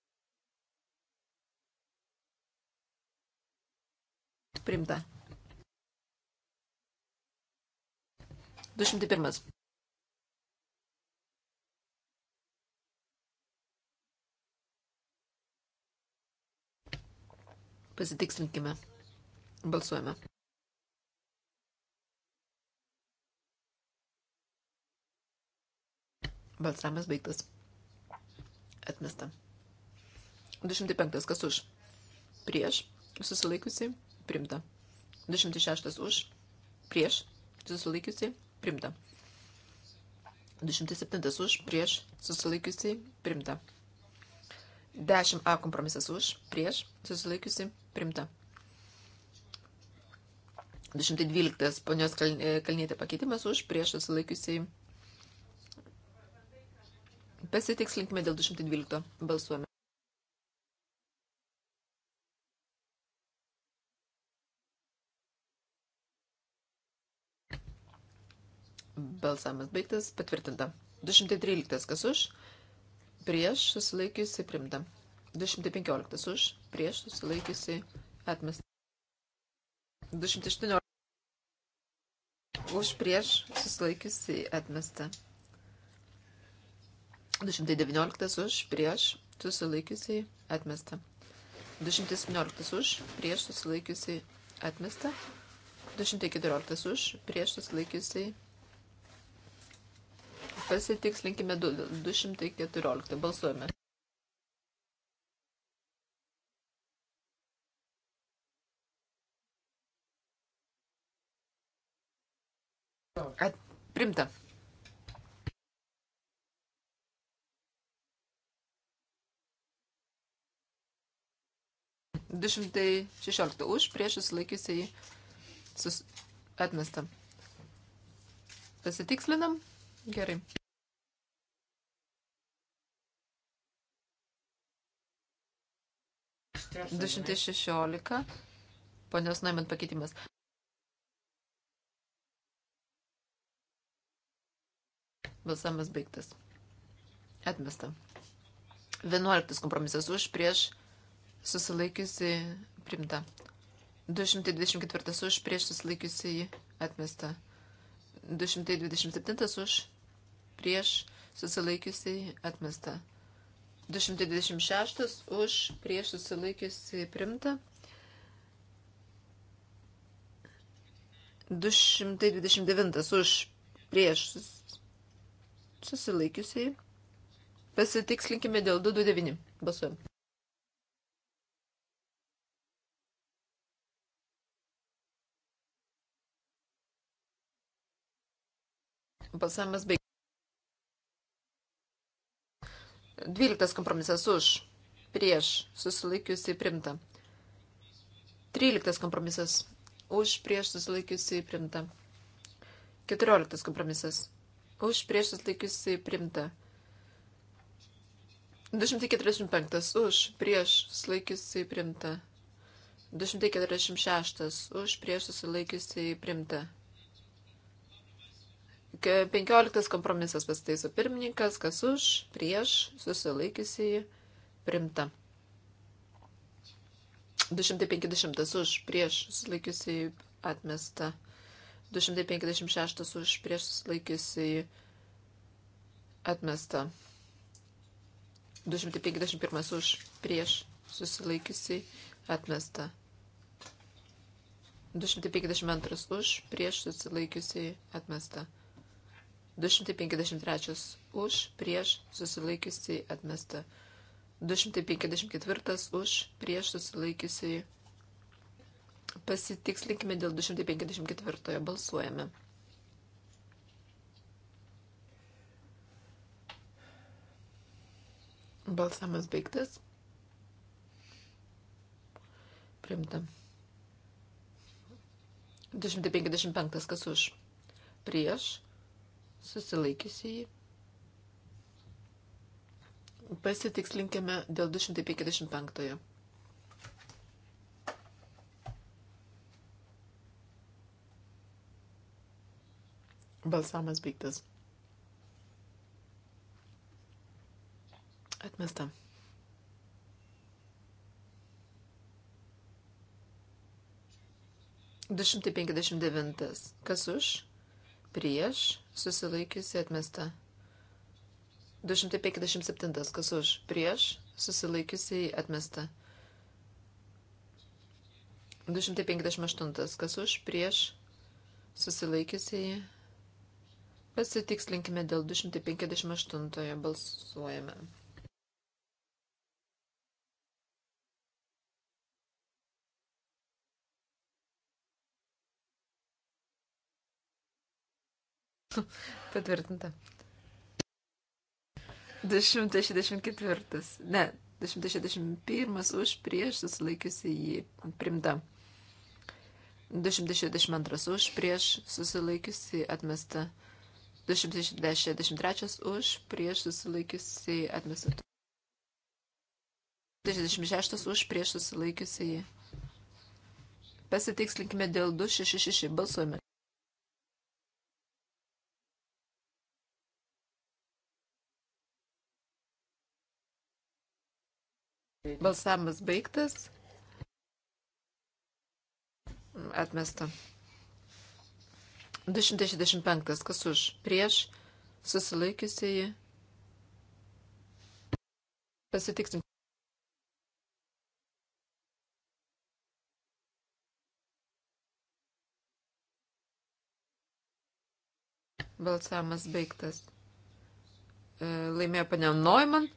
Primta. 201. Pasitikslinkime. Balsuojame. Balsavimas baigtas. Atmesta. 205. Kas už? Prieš. Susilaikusi primta. 206 už, prieš, susilaikiusiai, primta. 207 už, prieš, susilaikiusiai, primta. 10a kompromisas už, prieš, susilaikiusiai, primta. 212 ponios kalnėtė e, pakeitimas už, prieš, susilaikiusiai, primta. Pasitikslinkime dėl 212. Balsuojame. Balsavimas baigtas, patvirtinta. 213 kas už, prieš susilaikiusi primta. 215 už, prieš susilaikiusi atmesta. 218 už, prieš susilaikiusi atmesta. 219 už, prieš susilaikiusi atmesta. 217 už, prieš susilaikiusi atmesta. 214 už, prieš susilaikiusiai Pasitikslinkime 214. Balsuojame. At, primta. Du šimtai šešioliktą už, prieš susilaikiusiai sus... atmestą. Pasitikslinam. 216. Gerai. Du šimtai šešiolika. Ponios Naimant pakeitimas. Balsavimas baigtas. Atmesta. 11 kompromisas už prieš susilaikiusi primta. 224 už prieš susilaikiusi atmesta. 227 už prieš susilaikiusiai atmesta. 226 už prieš susilaikiusiai primta. 229 už prieš susilaikiusiai. Pasitikslinkime dėl 229 balsuojam. Balsavimas baigtas. 12 kompromisas už, prieš, susilaikiusi primta. 13 kompromisas už, prieš, susilaikiusi primta. 14 kompromisas už, prieš, susilaikiusi primta. 245 už, prieš, susilaikiusi primta. 246 už, prieš, susilaikiusi primta. 15 kompromisas pasitaiso pirmininkas, kas už, prieš, susilaikysiai, primta. 250 už, prieš, susilaikysiai, atmesta. 256 už, prieš, susilaikysiai, atmesta. 251 už, prieš, susilaikysiai, atmesta. 252 už, prieš, susilaikysiai, atmesta. 253 už, prieš susilaikiusiai atmesta. 254 už, prieš susilaikiusiai. Pasitikslinkime dėl 254 balsuojame. Balsamas baigtas. Primta. 255 kas už. Prieš susilaikiusiai. Pasitikslinkime dėl 255. Balsamas baigtas. Atmesta. Du šimtai penkiasdešimt devintas. Kas už? Prieš? susilaikiusi atmesta. 257. Kas už? Prieš susilaikiusi atmesta. 258. Kas už? Prieš susilaikiusi. Pasitikslinkime dėl 258. Balsuojame. [laughs] Patvirtinta. 264. Ne, 261 už prieš susilaikiusi jį primta. 262 už prieš susilaikiusi atmesta. 263 už prieš susilaikiusi atmesta. 266 už prieš susilaikiusi jį. Pasitikslinkime dėl 266 balsuojame. Balsavimas baigtas. Atmesta. 265. Kas už? Prieš susilaikiusieji. Pasitiksim. Balsavimas baigtas. E, laimėjo panel Neumann.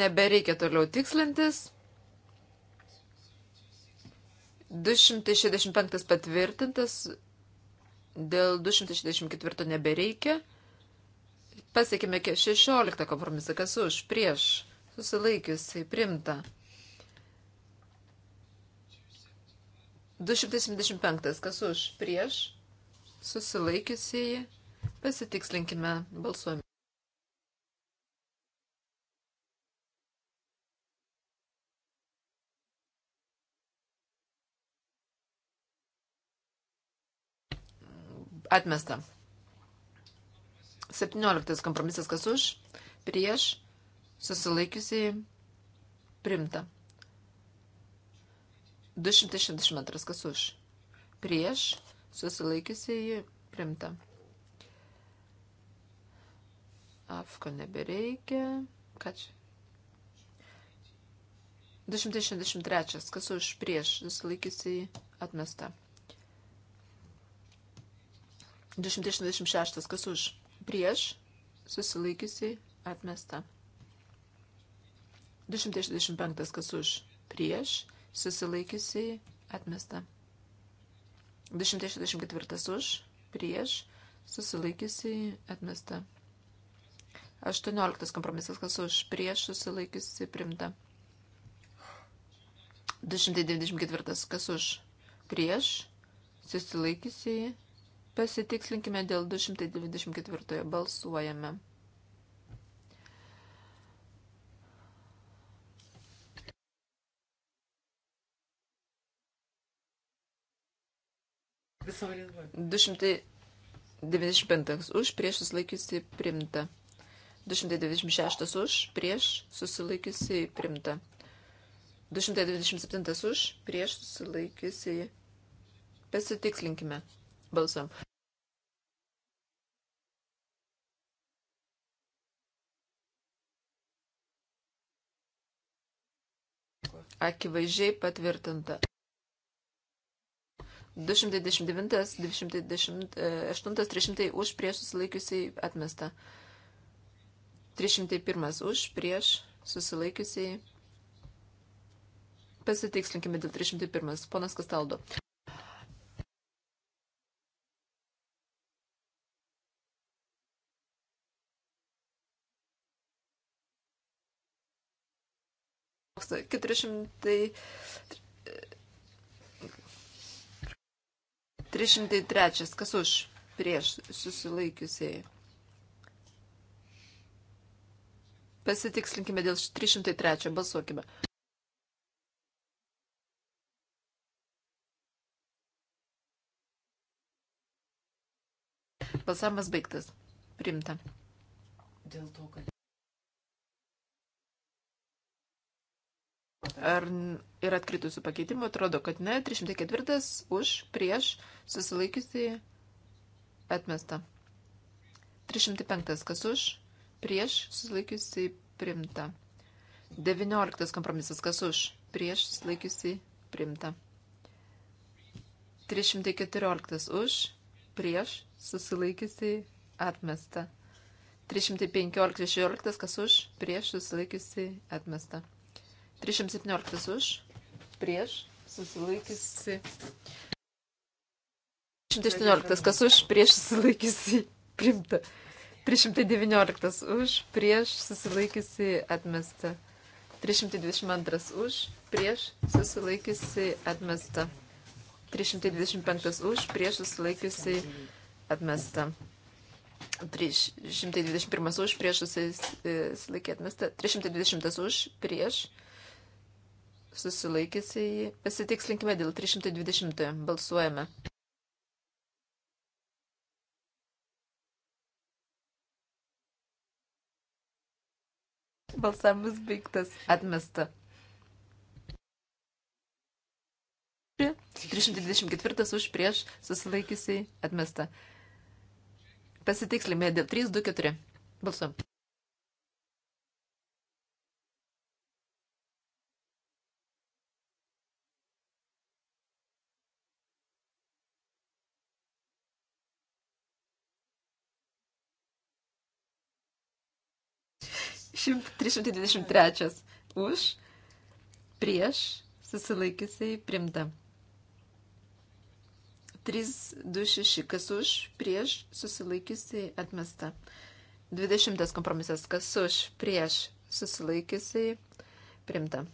Nebereikia toliau tikslintis. 265 patvirtintas, dėl 264 nebereikia. Pasiekime 16 kompromisą, kas už, prieš, susilaikiusiai, primta. 275, kas už, prieš, susilaikiusiai, pasitikslinkime, balsuojame. Atmesta. 17 kompromisas kas už, prieš, susilaikiusiai, primta. 262 kas už, prieš, susilaikiusiai, primta. Afko nebereikia. Ką čia? 263 kas už, prieš, susilaikiusiai, atmesta. 266. Kas už? Prieš. Susilaikiusi. Atmesta. 265. Kas už? Prieš. Susilaikiusi. Atmesta. 264. Už. Prieš. Susilaikiusi. Atmesta. 18. Kompromisas. Kas už? Prieš. Susilaikiusi. Primta. 294. Kas už? Prieš. Susilaikiusi. Atmesta Pasitikslinkime dėl 224 balsuojame. Sorry. 295 už, prieš susilaikiusi primta. 296 už, prieš susilaikiusi primta. 297 už, prieš susilaikiusi. Pasitikslinkime. Balsuojam. Akivaizdžiai patvirtinta. 229, 228, 300 už prieš susilaikiusiai atmesta. 301 už prieš susilaikiusiai. Pasitikslinkime dėl 301. Ponas Kastaldo. 400. 303. Kas už? Prieš susilaikiusiai. Pasitikslinkime dėl 303. Balsuokime. Balsavimas baigtas. Primta. Dėl to, kad Ar yra atkritusių pakeitimų? Atrodo, kad ne. 304 už, prieš, susilaikiusi, atmesta. 305 kas už, prieš, susilaikiusi, primta. 19 kompromisas kas už, prieš, susilaikiusi, primta. 314 už, prieš, susilaikiusi, atmesta. 315-16 kas už, prieš, susilaikiusi, atmesta. 317 už, prieš, susilaikysi. 318 kas už, prieš, susilaikysi, [laughs] primta. 319 už, prieš, susilaikysi, atmesta. 322 už, prieš, susilaikysi, atmesta. 325 už, prieš, susilaikysi, atmesta. 321 už, prieš, susilaikė, atmesta. 320 už, prieš, susilaikysiai. Pasitikslinkime dėl 320. Balsuojame. Balsavimas baigtas. Atmesta. 324 už prieš susilaikysiai atmesta. Pasitikslime dėl 324. Balsuojam. 323 už, prieš, susilaikysiai primta. 326 kas už, prieš, susilaikysiai atmesta. 20 kompromisas kas už, prieš, susilaikysiai primta.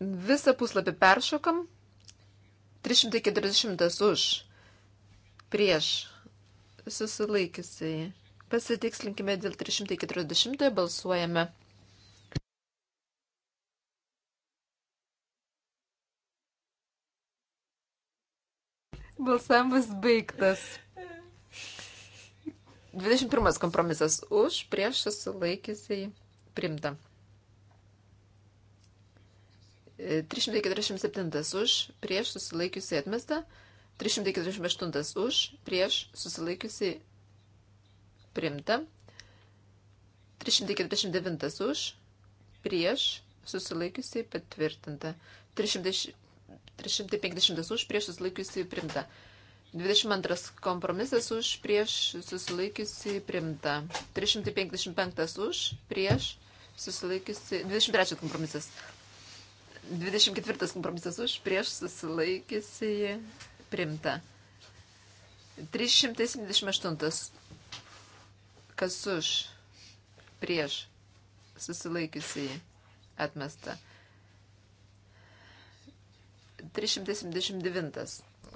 Visą puslapį peršokam. 340 už, prieš, susilaikysiai Pasitikslinkime dėl 340 balsuojame. Balsavimas baigtas. 21 kompromisas už, prieš susilaikysiai primta. 347 už, prieš susilaikiusiai atmesta. 348 už, prieš susilaikiusiai primta. 349 už, prieš, susilaikiusiai patvirtinta. 300, 350 už, prieš, susilaikiusiai primta. 22 kompromisas už prieš susilaikiusi primta. 355 už prieš susilaikiusi. 23 kompromisas. 24 kompromisas už prieš susilaikiusi primta. 378 Kas už? Prieš. Susilaikiusiai. Atmesta. 379.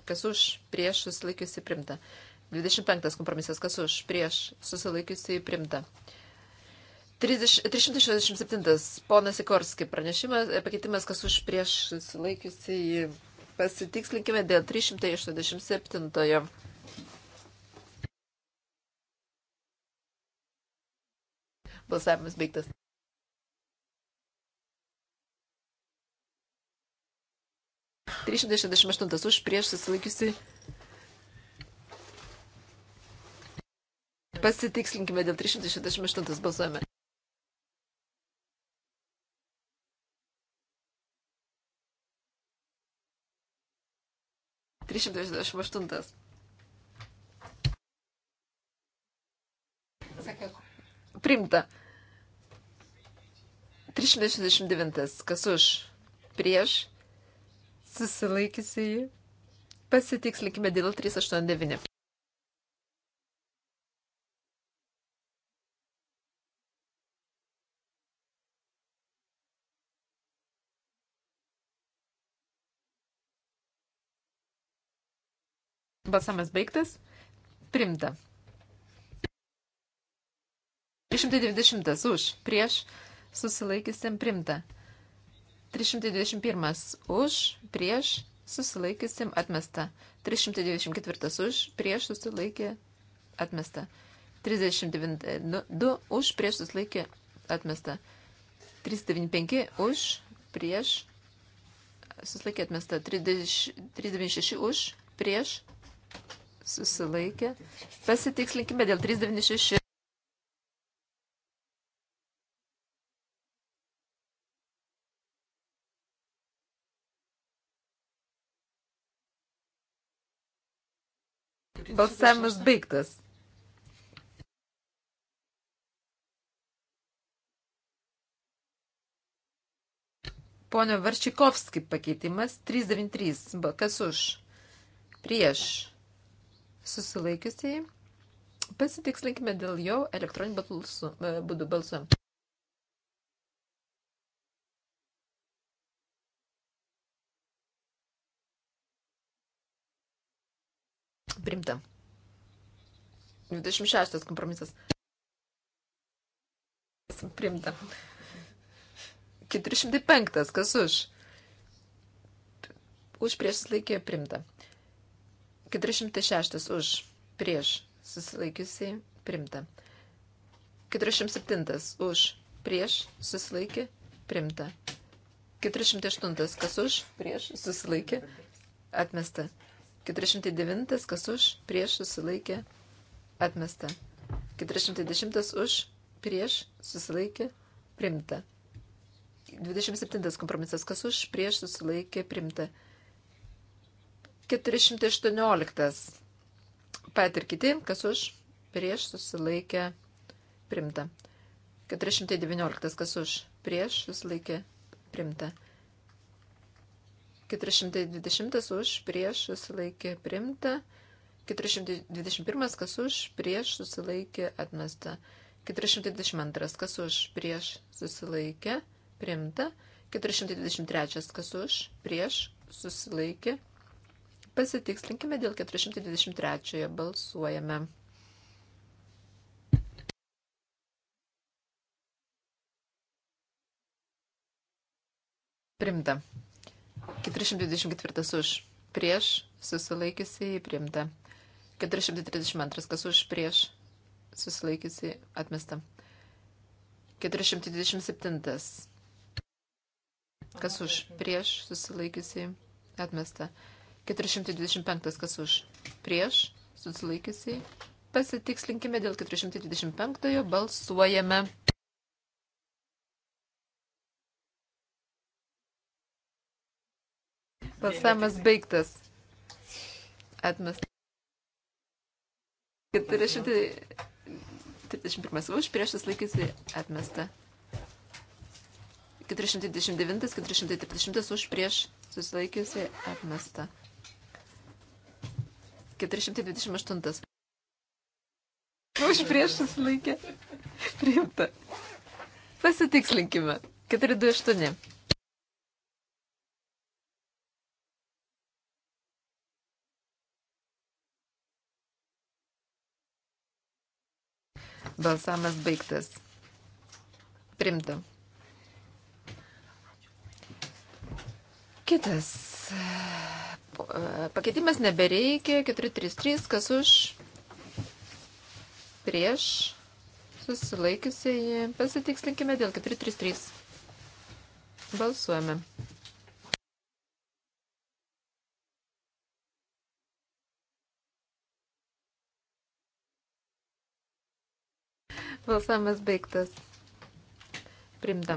Kas už? Prieš. Susilaikiusiai primta. 25 kompromisas, kas už, prieš, susilaikiusiai primta. 30, 367 ponas Sikorski pranešimas, e, pakeitimas, kas už, prieš, susilaikiusiai pasitikslinkime dėl 387. Balsavimas baigtas. Trys šimtai už prieš susilaikiusi. Pasitikslinkime dėl 368 balsuojame. Trys šimtai šešiasdešimt aštuntas. Primta. 369. Kas už? Prieš? Susilaikysi jį. Pasitikslinkime dėl 389. Balsamas baigtas. Primta. 390 už, prieš susilaikysim primta. 321 už, prieš, susilaikysim atmesta. 324 už, prieš, susilaikė atmesta. 392 už, prieš, susilaikė atmesta. 395 už, prieš, susilaikė atmesta. 396 už, prieš, susilaikė. Pasitikslinkime dėl 396. Balsavimas baigtas. Pone Varčikovski pakeitimas 393. Kas už? Prieš. Susilaikiusiai. Pasitikslinkime dėl jo elektroniniu e, būdu balsuojam. Primta. 26 kompromisas. Primta. 405. Kas už? Už prieš susilaikė primta. 406. Už prieš susilaikiusiai primta. 407. Už prieš susilaikė primta. 408. Kas už prieš susilaikė atmesta. 409, kas už, prieš susilaikė atmesta. 410 už, prieš susilaikė primta. 27 kompromisas, kas už, prieš susilaikė primta. 418 pat ir kiti, kas už, prieš susilaikė primta. 419, kas už, prieš susilaikė primta. 420 už prieš susilaikė primta. 421 kas už prieš susilaikė atmesta. 422 kas už prieš susilaikė primta. 423 kas už prieš susilaikė. Pasitikslinkime dėl 423 balsuojame. Primta. 424 už prieš susilaikiusi priimta. 432 kas už prieš susilaikiusi atmesta. 427 kas už prieš susilaikiusi atmesta. 425 kas už prieš susilaikiusi. Pasitikslinkime dėl 425 balsuojame. Balsavimas baigtas. Atmestas. 431 už, prieš susilaikysi atmesta. 429, 430 už, prieš susilaikysi atmesta. 428. Už prieš susilaikė. Priimta. Pasitikslinkime. 428. Balsamas baigtas. Primta. Kitas. Pakeitimas nebereikia. 433. Kas už? Prieš. Susilaikiusiai. Pasitikslinkime dėl 433. Balsuojame. Balsavimas baigtas. Primta.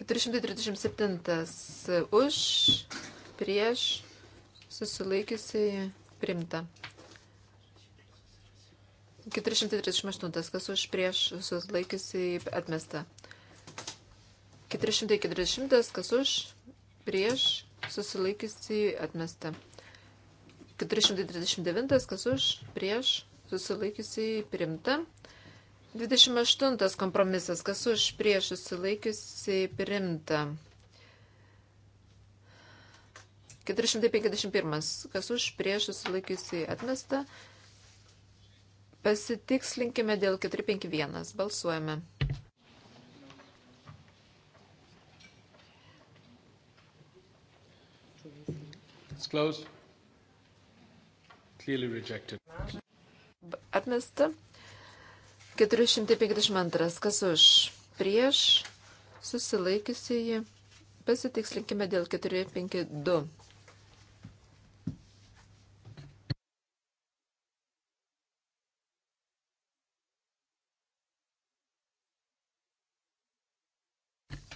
Keturišimtai trisdešimt septintas už, prieš, susilaikiusiai primta. 438, kas už prieš susilaikiusi atmesta. 440, kas už prieš susilaikiusi atmesta. 439, kas už, prieš, susilaikiusiai primta. 28 kompromisas, kas už, prieš, susilaikiusiai primta. 451, kas už, prieš, susilaikiusiai atmesta. Pasitikslinkime dėl 451. Balsuojame. It's closed. Atmesta. 452. Kas už? Prieš susilaikiusieji. Pasitikslinkime dėl 452.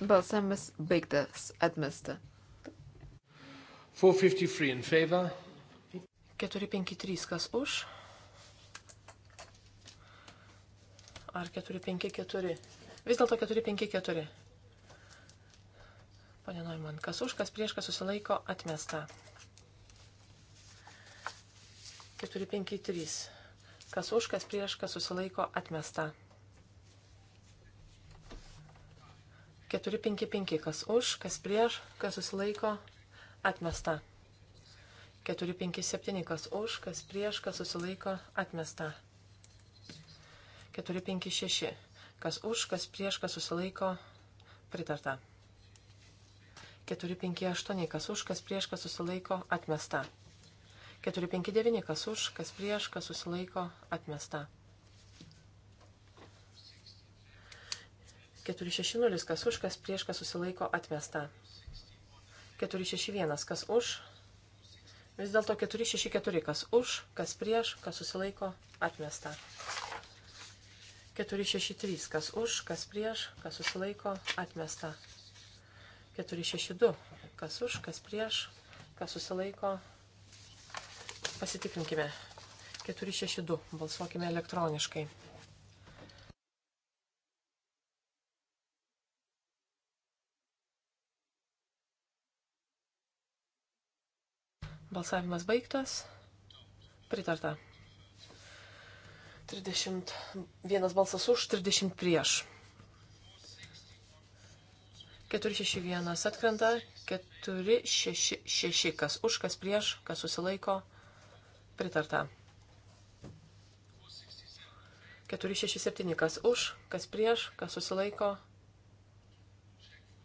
Balsavimas baigtas, atmesta. 453 in favor. 453 kas už. Ar 454? Vis dėlto 454. Pane Noiman, kas už, kas prieš, kas susilaiko, atmesta. 453. Kas už, kas prieš, kas susilaiko, atmesta. 455. Kas už, kas prieš, kas susilaiko, atmesta. 4, 5, 7, kas už, kas prieš, kas susilaiko, atmesta. 4, 5, 6, kas už, kas prieš, kas susilaiko, pritarta. 4, 5, 8, kas už, kas prieš, kas susilaiko, atmesta. 4, 5, 9, kas už, kas prieš, kas susilaiko, atmesta. 460, kas už, kas prieš, kas susilaiko, atmesta. 461, kas už, Vis dėlto 464, kas už, kas prieš, kas susilaiko, atmesta. 463, kas už, kas prieš, kas susilaiko, atmesta. 462, kas už, kas prieš, kas susilaiko, pasitikrinkime. 462, balsuokime elektroniškai. Balsavimas baigtas. Pritarta. 31 balsas už, 30 prieš. 461 atkrenta, 466 kas už, kas prieš, kas susilaiko. Pritarta. 467 kas už, kas prieš, kas susilaiko.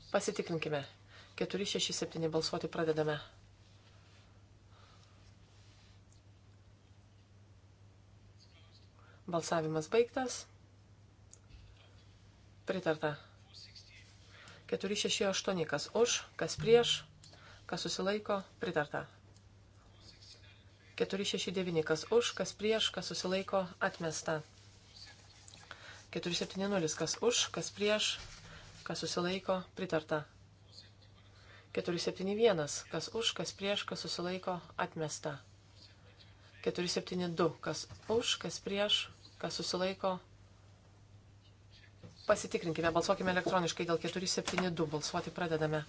Pasitikrinkime. 467 balsuoti pradedame. Balsavimas baigtas. Pritarta. 468 kas už, kas prieš, kas susilaiko, pritarta. 469 kas už, kas prieš, kas susilaiko, atmesta. 470 kas už, kas prieš, kas susilaiko, pritarta. 471 kas už, kas prieš, kas susilaiko, atmesta. 472 kas už, kas prieš, kas susilaiko. Pasitikrinkime, balsuokime elektroniškai dėl 472. Balsuoti pradedame.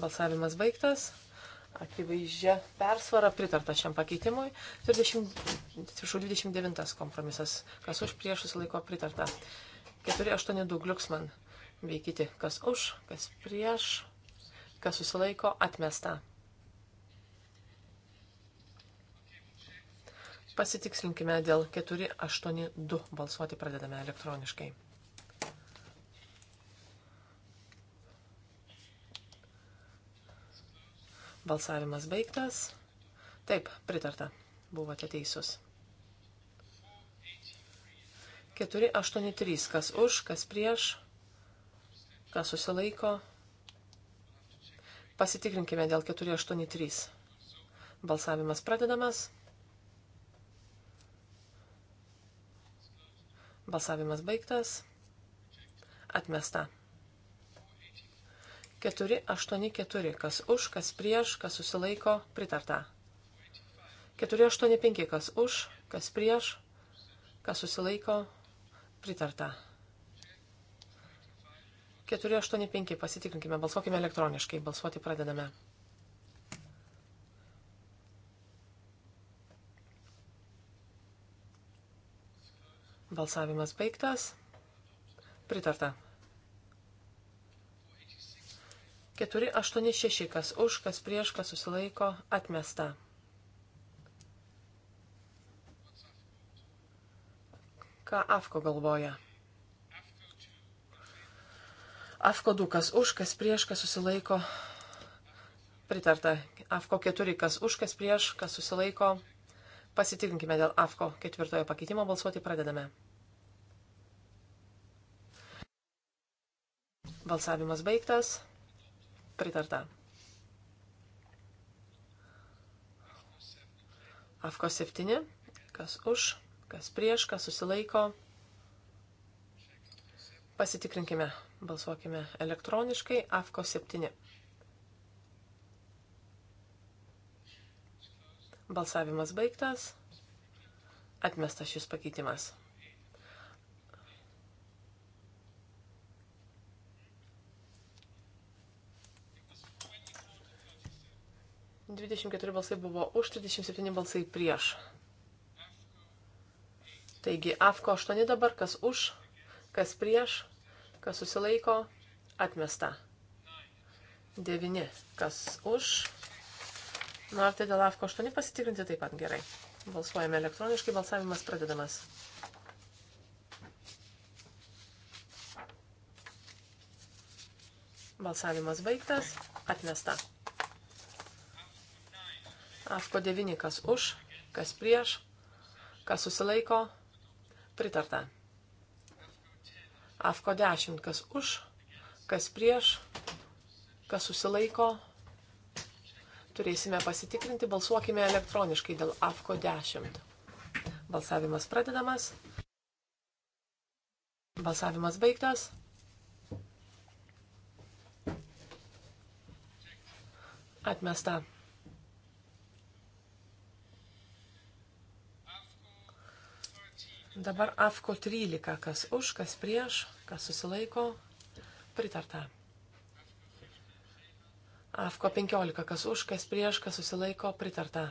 Balsavimas baigtas. Akivaizdžia persvara pritarta šiam pakeitimui. 20, 29 kompromisas. Kas už prieš susilaiko pritarta. 482 gliuksman. Veikyti. Kas už, kas prieš, kas susilaiko atmesta. Pasitikslinkime dėl 482. Balsuoti pradedame elektroniškai. Balsavimas baigtas. Taip, pritarta. Buvote teisus. 483. Kas už, kas prieš, kas susilaiko. Pasitikrinkime dėl 483. Balsavimas pradedamas. Balsavimas baigtas. Atmesta. 484. Kas už, kas prieš, kas susilaiko, pritarta. 485. Kas už, kas prieš, kas susilaiko, pritarta. 485. Pasitikrinkime, balsuokime elektroniškai. Balsuoti pradedame. Balsavimas baigtas. Pritarta. 4, 8, 6, kas už, kas prieš, kas susilaiko, atmesta. Ką Afko galvoja? Afko 2, kas už, kas prieš, kas susilaiko, pritarta. Afko 4, kas už, kas prieš, kas susilaiko, Pasitikrinkime dėl AFKO ketvirtojo pakeitimo balsuoti pradedame. Balsavimas baigtas. Pritarta. Afko 7. Kas už, kas prieš, kas susilaiko. Pasitikrinkime, balsuokime elektroniškai. Afko 7. Balsavimas baigtas. Atmestas šis pakeitimas. 24 balsai buvo už, 37 balsai prieš. Taigi, AFKO 8 dabar, kas už, kas prieš, kas susilaiko, atmesta. 9, kas už. Norite tai dėl AFKO 8 pasitikrinti taip pat gerai. Balsuojame elektroniškai, balsavimas pradedamas. Balsavimas baigtas, atmesta. Afko 9, kas už, kas prieš, kas susilaiko, pritarta. Afko 10, kas už, kas prieš, kas susilaiko. Turėsime pasitikrinti, balsuokime elektroniškai dėl AFCO 10. Balsavimas pradedamas. Balsavimas baigtas. Atmesta. Dabar AFKO 13, kas už, kas prieš, kas susilaiko, pritarta. AFKO 15, kas už, kas prieš, kas susilaiko, pritarta.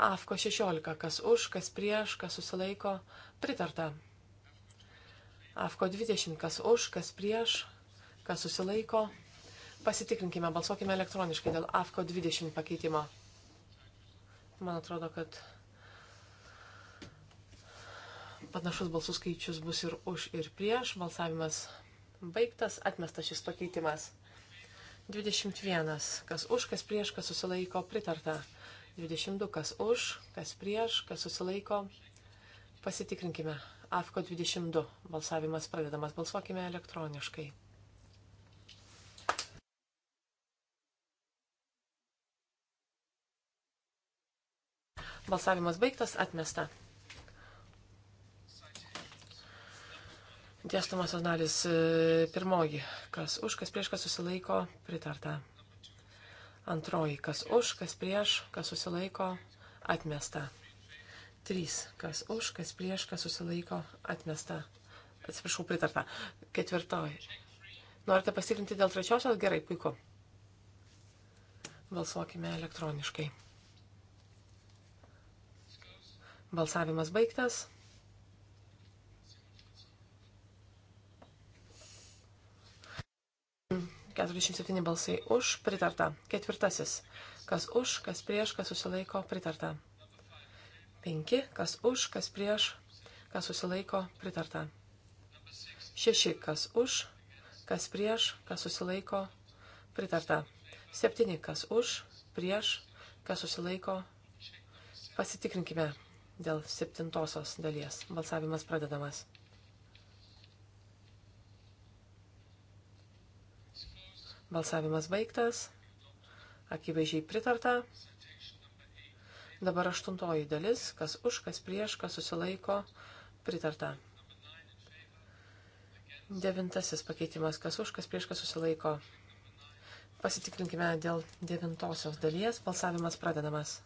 AFKO 16, kas už, kas prieš, kas susilaiko, pritarta. AFKO 20, kas už, kas prieš, kas susilaiko. Pasitikrinkime, balsuokime elektroniškai dėl AFKO 20 pakeitimo. Man atrodo, kad Panašus balsų skaičius bus ir už, ir prieš. Balsavimas baigtas, atmestas šis pakeitimas. 21. Kas už, kas prieš, kas susilaiko, pritarta. 22. Kas už, kas prieš, kas susilaiko. Pasitikrinkime. AFKO 22. Balsavimas pradedamas. Balsuokime elektroniškai. Balsavimas baigtas, atmesta. Dėstomosios dalis e, pirmoji, kas už, kas prieš, kas susilaiko, pritarta. Antroji, kas už, kas prieš, kas susilaiko, atmesta. Trys, kas už, kas prieš, kas susilaiko, atmesta. Atsiprašau, pritarta. Ketvirtoji. Norite pasitikrinti dėl trečiosios? Gerai, puiku. Balsuokime elektroniškai. Balsavimas baigtas. 47 balsai už, pritarta. Ketvirtasis. Kas už, kas prieš, kas susilaiko, pritarta. 5. Kas už, kas prieš, kas susilaiko, pritarta. 6. Kas už, kas prieš, kas susilaiko, pritarta. 7. Kas už, prieš, kas susilaiko, pasitikrinkime dėl septintosios dalies. Balsavimas pradedamas. Balsavimas baigtas. Akivaizdžiai pritarta. Dabar aštuntoji dalis, kas už, kas prieš, kas susilaiko, pritarta. Devintasis pakeitimas, kas už, kas prieš, kas susilaiko. Pasitikrinkime dėl devintosios dalies. Balsavimas pradedamas.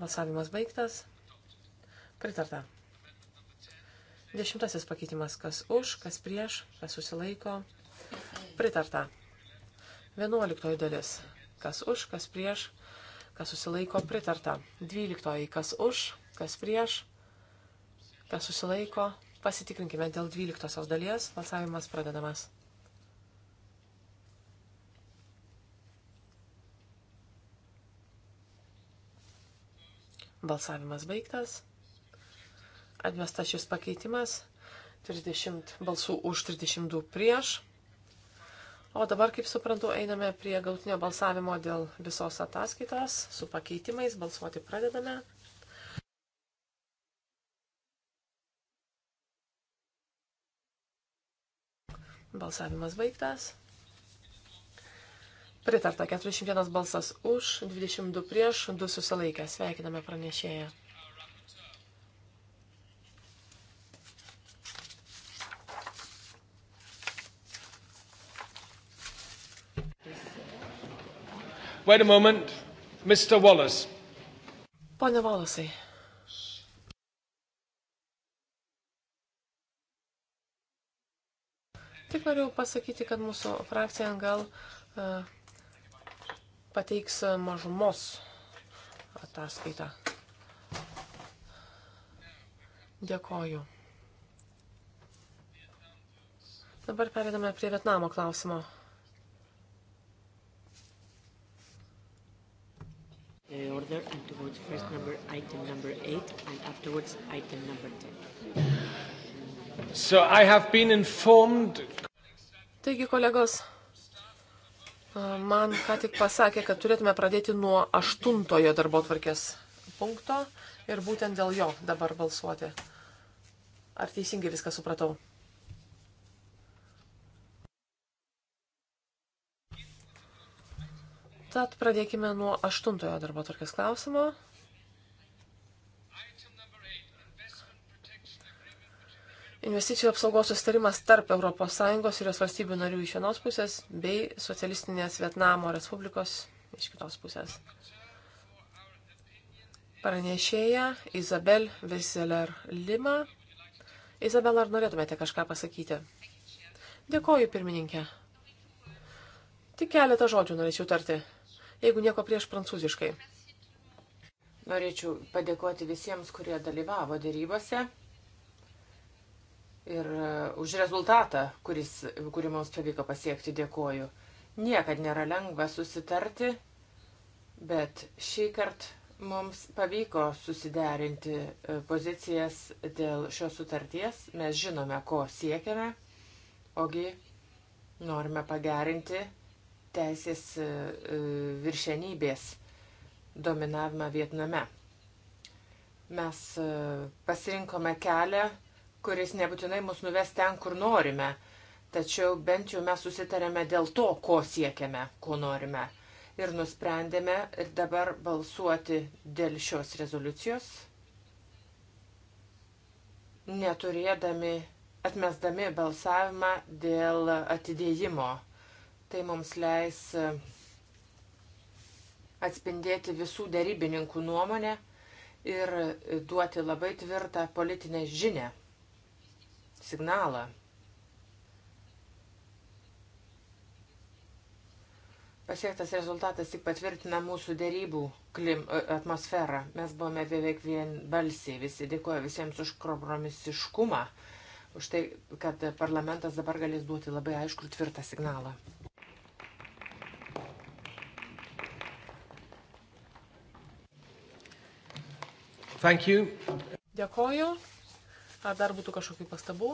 Balsavimas baigtas. Pritarta. Dešimtasis pakeitimas, kas už, kas prieš, kas susilaiko. Pritarta. Vienuoliktoji dalis, kas už, kas prieš, kas susilaiko. Pritarta. Dvyliktoji, kas už, kas prieš, kas susilaiko. Pasitikrinkime dėl dvyliktosios dalies. Balsavimas pradedamas. Balsavimas baigtas. Atmestas šis pakeitimas. 30 balsų už, 32 prieš. O dabar, kaip suprantu, einame prie gautinio balsavimo dėl visos ataskaitos su pakeitimais. Balsuoti pradedame. Balsavimas baigtas. Pritarta 41 balsas už, 22 prieš, 2 susilaikę. Sveikiname pranešėją. Wait a moment. Mr. Wallace. Pone Wallace'ai. Tik noriu pasakyti, kad mūsų frakcija gal uh, pateiks mažumos ataskaitą. Dėkoju. Dabar perėdame prie Vietnamo klausimo. the uh, order and to vote first number item number 8 and afterwards item number 10. So I have been informed. Taigi, kolegos, man ką tik pasakė, kad turėtume pradėti nuo aštuntojo darbo tvarkės punkto ir būtent dėl jo dabar balsuoti. Ar teisingai viską supratau? Tad pradėkime nuo aštuntojo darbo tvarkės klausimo. Investicijų apsaugos sustarimas tarp ES ir jos valstybių narių iš vienos pusės bei socialistinės Vietnamo Respublikos iš kitos pusės. Pranešėja Izabel Veseler Lima. Izabel, ar norėtumėte kažką pasakyti? Dėkoju, pirmininkė. Tik keletą žodžių norėčiau tarti jeigu nieko prieš prancūziškai. Norėčiau padėkoti visiems, kurie dalyvavo dėrybose ir e, už rezultatą, kuris, kurį mums pavyko pasiekti, dėkoju. Niekad nėra lengva susitarti, bet šį kartą mums pavyko susiderinti e, pozicijas dėl šios sutarties. Mes žinome, ko siekiame, ogi norime pagerinti teisės e, e, viršenybės dominavimą Vietname. Mes e, pasirinkome kelią, kuris nebūtinai mus nuves ten, kur norime, tačiau bent jau mes susitarėme dėl to, ko siekiame, ko norime. Ir nusprendėme ir dabar balsuoti dėl šios rezoliucijos, neturėdami, atmesdami balsavimą dėl atidėjimo Tai mums leis e, atspindėti visų darybininkų nuomonę ir e, duoti labai tvirtą politinę žinę, signalą. Pasiektas rezultatas tik patvirtina mūsų dėrybų klim, e, atmosferą. Mes buvome beveik vien balsiai, visi dėkoja visiems už kompromisiškumą, už tai, kad parlamentas dabar galės duoti labai aišku ir tvirtą signalą. Thank you. Dėkoju. Ar dar būtų kažkokių pastabų?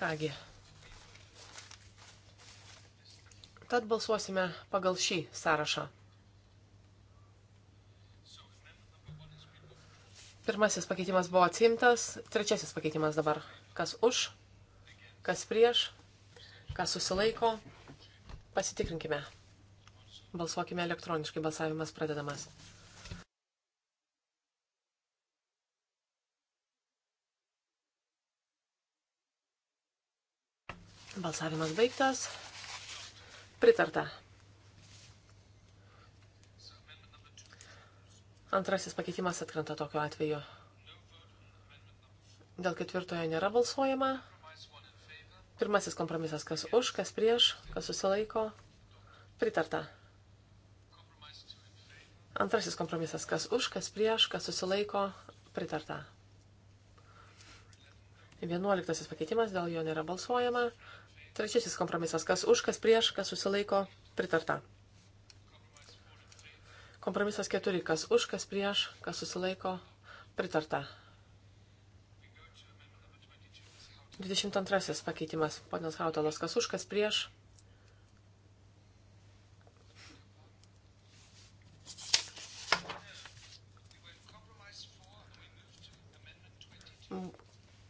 Kągi. Tad balsuosime pagal šį sąrašą. Pirmasis pakeitimas buvo atsimtas, trečiasis pakeitimas dabar. Kas už, kas prieš, kas susilaiko. Pasitikrinkime. Balsuokime elektroniškai, balsavimas pradedamas. Balsavimas baigtas. Pritarta. Antrasis pakeitimas atkrenta tokiu atveju. Dėl ketvirtojo nėra balsuojama. Pirmasis kompromisas, kas už, kas prieš, kas susilaiko. Pritarta. Antrasis kompromisas, kas už, kas prieš, kas susilaiko. Pritarta. Vienuoliktasis pakeitimas, dėl jo nėra balsuojama. Trečiasis tai kompromisas. Kas už, kas prieš, kas susilaiko, pritarta. Kompromisas keturi. Kas už, kas prieš, kas susilaiko, pritarta. 22 pakeitimas. Ponios Hautalas, kas už, kas prieš,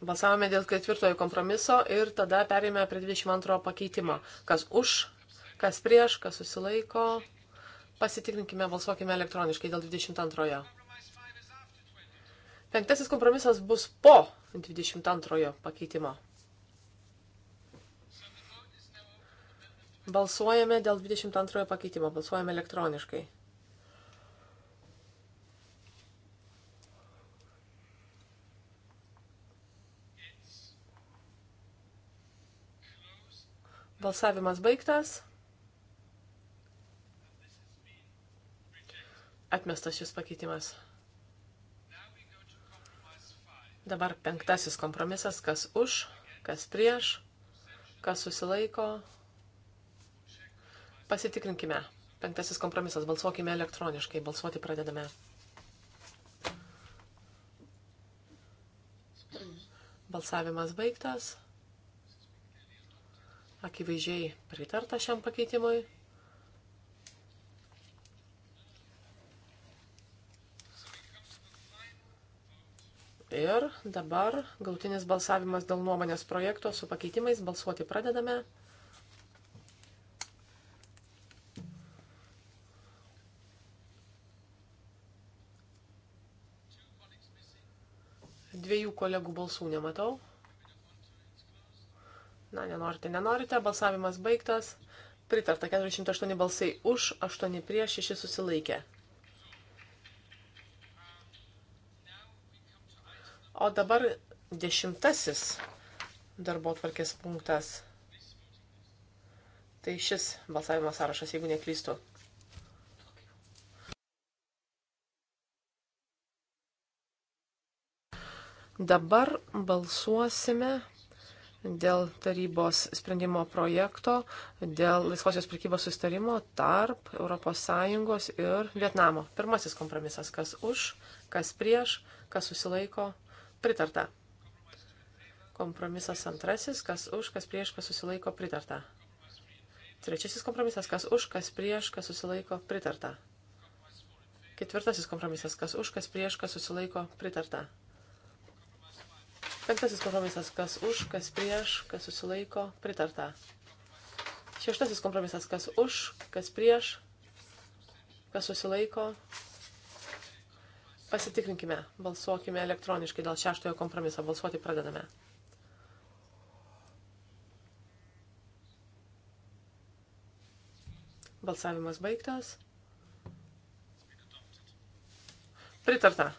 Balsavome dėl ketvirtojo kompromiso ir tada perėmė prie 22 pakeitimo. Kas už, kas prieš, kas susilaiko. Pasitikrinkime, balsuokime elektroniškai dėl 22. Penktasis kompromisas bus po 22 pakeitimo. Balsuojame dėl 22 pakeitimo, balsuojame elektroniškai. Balsavimas baigtas. Atmestas šis pakeitimas. Dabar penktasis kompromisas, kas už, kas prieš, kas susilaiko. Pasitikrinkime. Penktasis kompromisas, balsuokime elektroniškai, balsuoti pradedame. Balsavimas baigtas akivaizdžiai pritarta šiam pakeitimui. Ir dabar gautinis balsavimas dėl nuomonės projekto su pakeitimais. Balsuoti pradedame. Dviejų kolegų balsų nematau. Na, nenorite, nenorite. Balsavimas baigtas. Pritarta 408 balsai už, 8 prieš, 6 susilaikė. O dabar dešimtasis darbo tvarkės punktas. Tai šis balsavimo sąrašas, jeigu neklystu. Dabar balsuosime dėl tarybos sprendimo projekto, dėl laisvosios prekybos sustarimo tarp ES ir Vietnamo. Pirmasis kompromisas, kas už, kas prieš, kas susilaiko, pritarta. Kompromisas antrasis, kas už, kas prieš, kas susilaiko, pritarta. Trečiasis kompromisas, kas už, kas prieš, kas susilaiko, pritarta. Ketvirtasis kompromisas, kas už, kas prieš, kas susilaiko, pritarta. Penktasis kompromisas, kas už, kas prieš, kas susilaiko, pritarta. Šeštasis kompromisas, kas už, kas prieš, kas susilaiko. Pasitikrinkime, balsuokime elektroniškai dėl šeštojo kompromiso. Balsuoti pradedame. Balsavimas baigtas. Pritarta.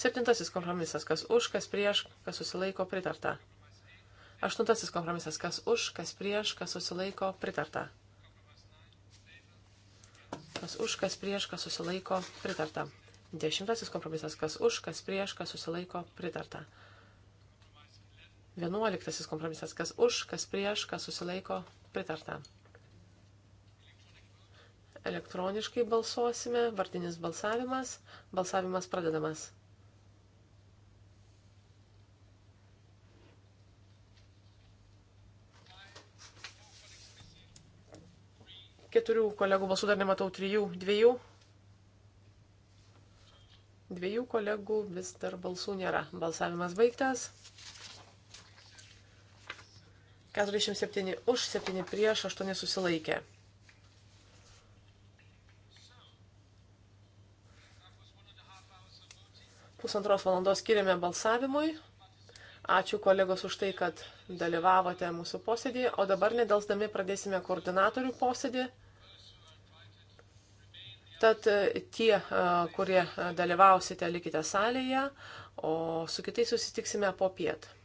Septintasis kompromisas, kas už, kas prieš, kas susilaiko pritarta. Aštuntasis kompromisas, kas už, kas prieš, kas susilaiko pritarta. Kas už, kas prieš, kas susilaiko pritarta. Dešimtasis kompromisas, kas už, kas prieš, kas susilaiko pritarta. Vienuoliktasis kompromisas, kas už, kas prieš, kas susilaiko pritarta elektroniškai balsuosime, vardinis balsavimas, balsavimas pradedamas. keturių kolegų balsų dar nematau, trijų, dviejų. Dviejų kolegų vis dar balsų nėra. Balsavimas baigtas. 47 už, 7 prieš, 8 susilaikė. Pusantros valandos skiriame balsavimui. Ačiū kolegos už tai, kad dalyvavote mūsų posėdėje, o dabar nedelsdami pradėsime koordinatorių posėdį. Tad e, tie, e, kurie dalyvausite, likite salėje, o su kitais susitiksime po pietų.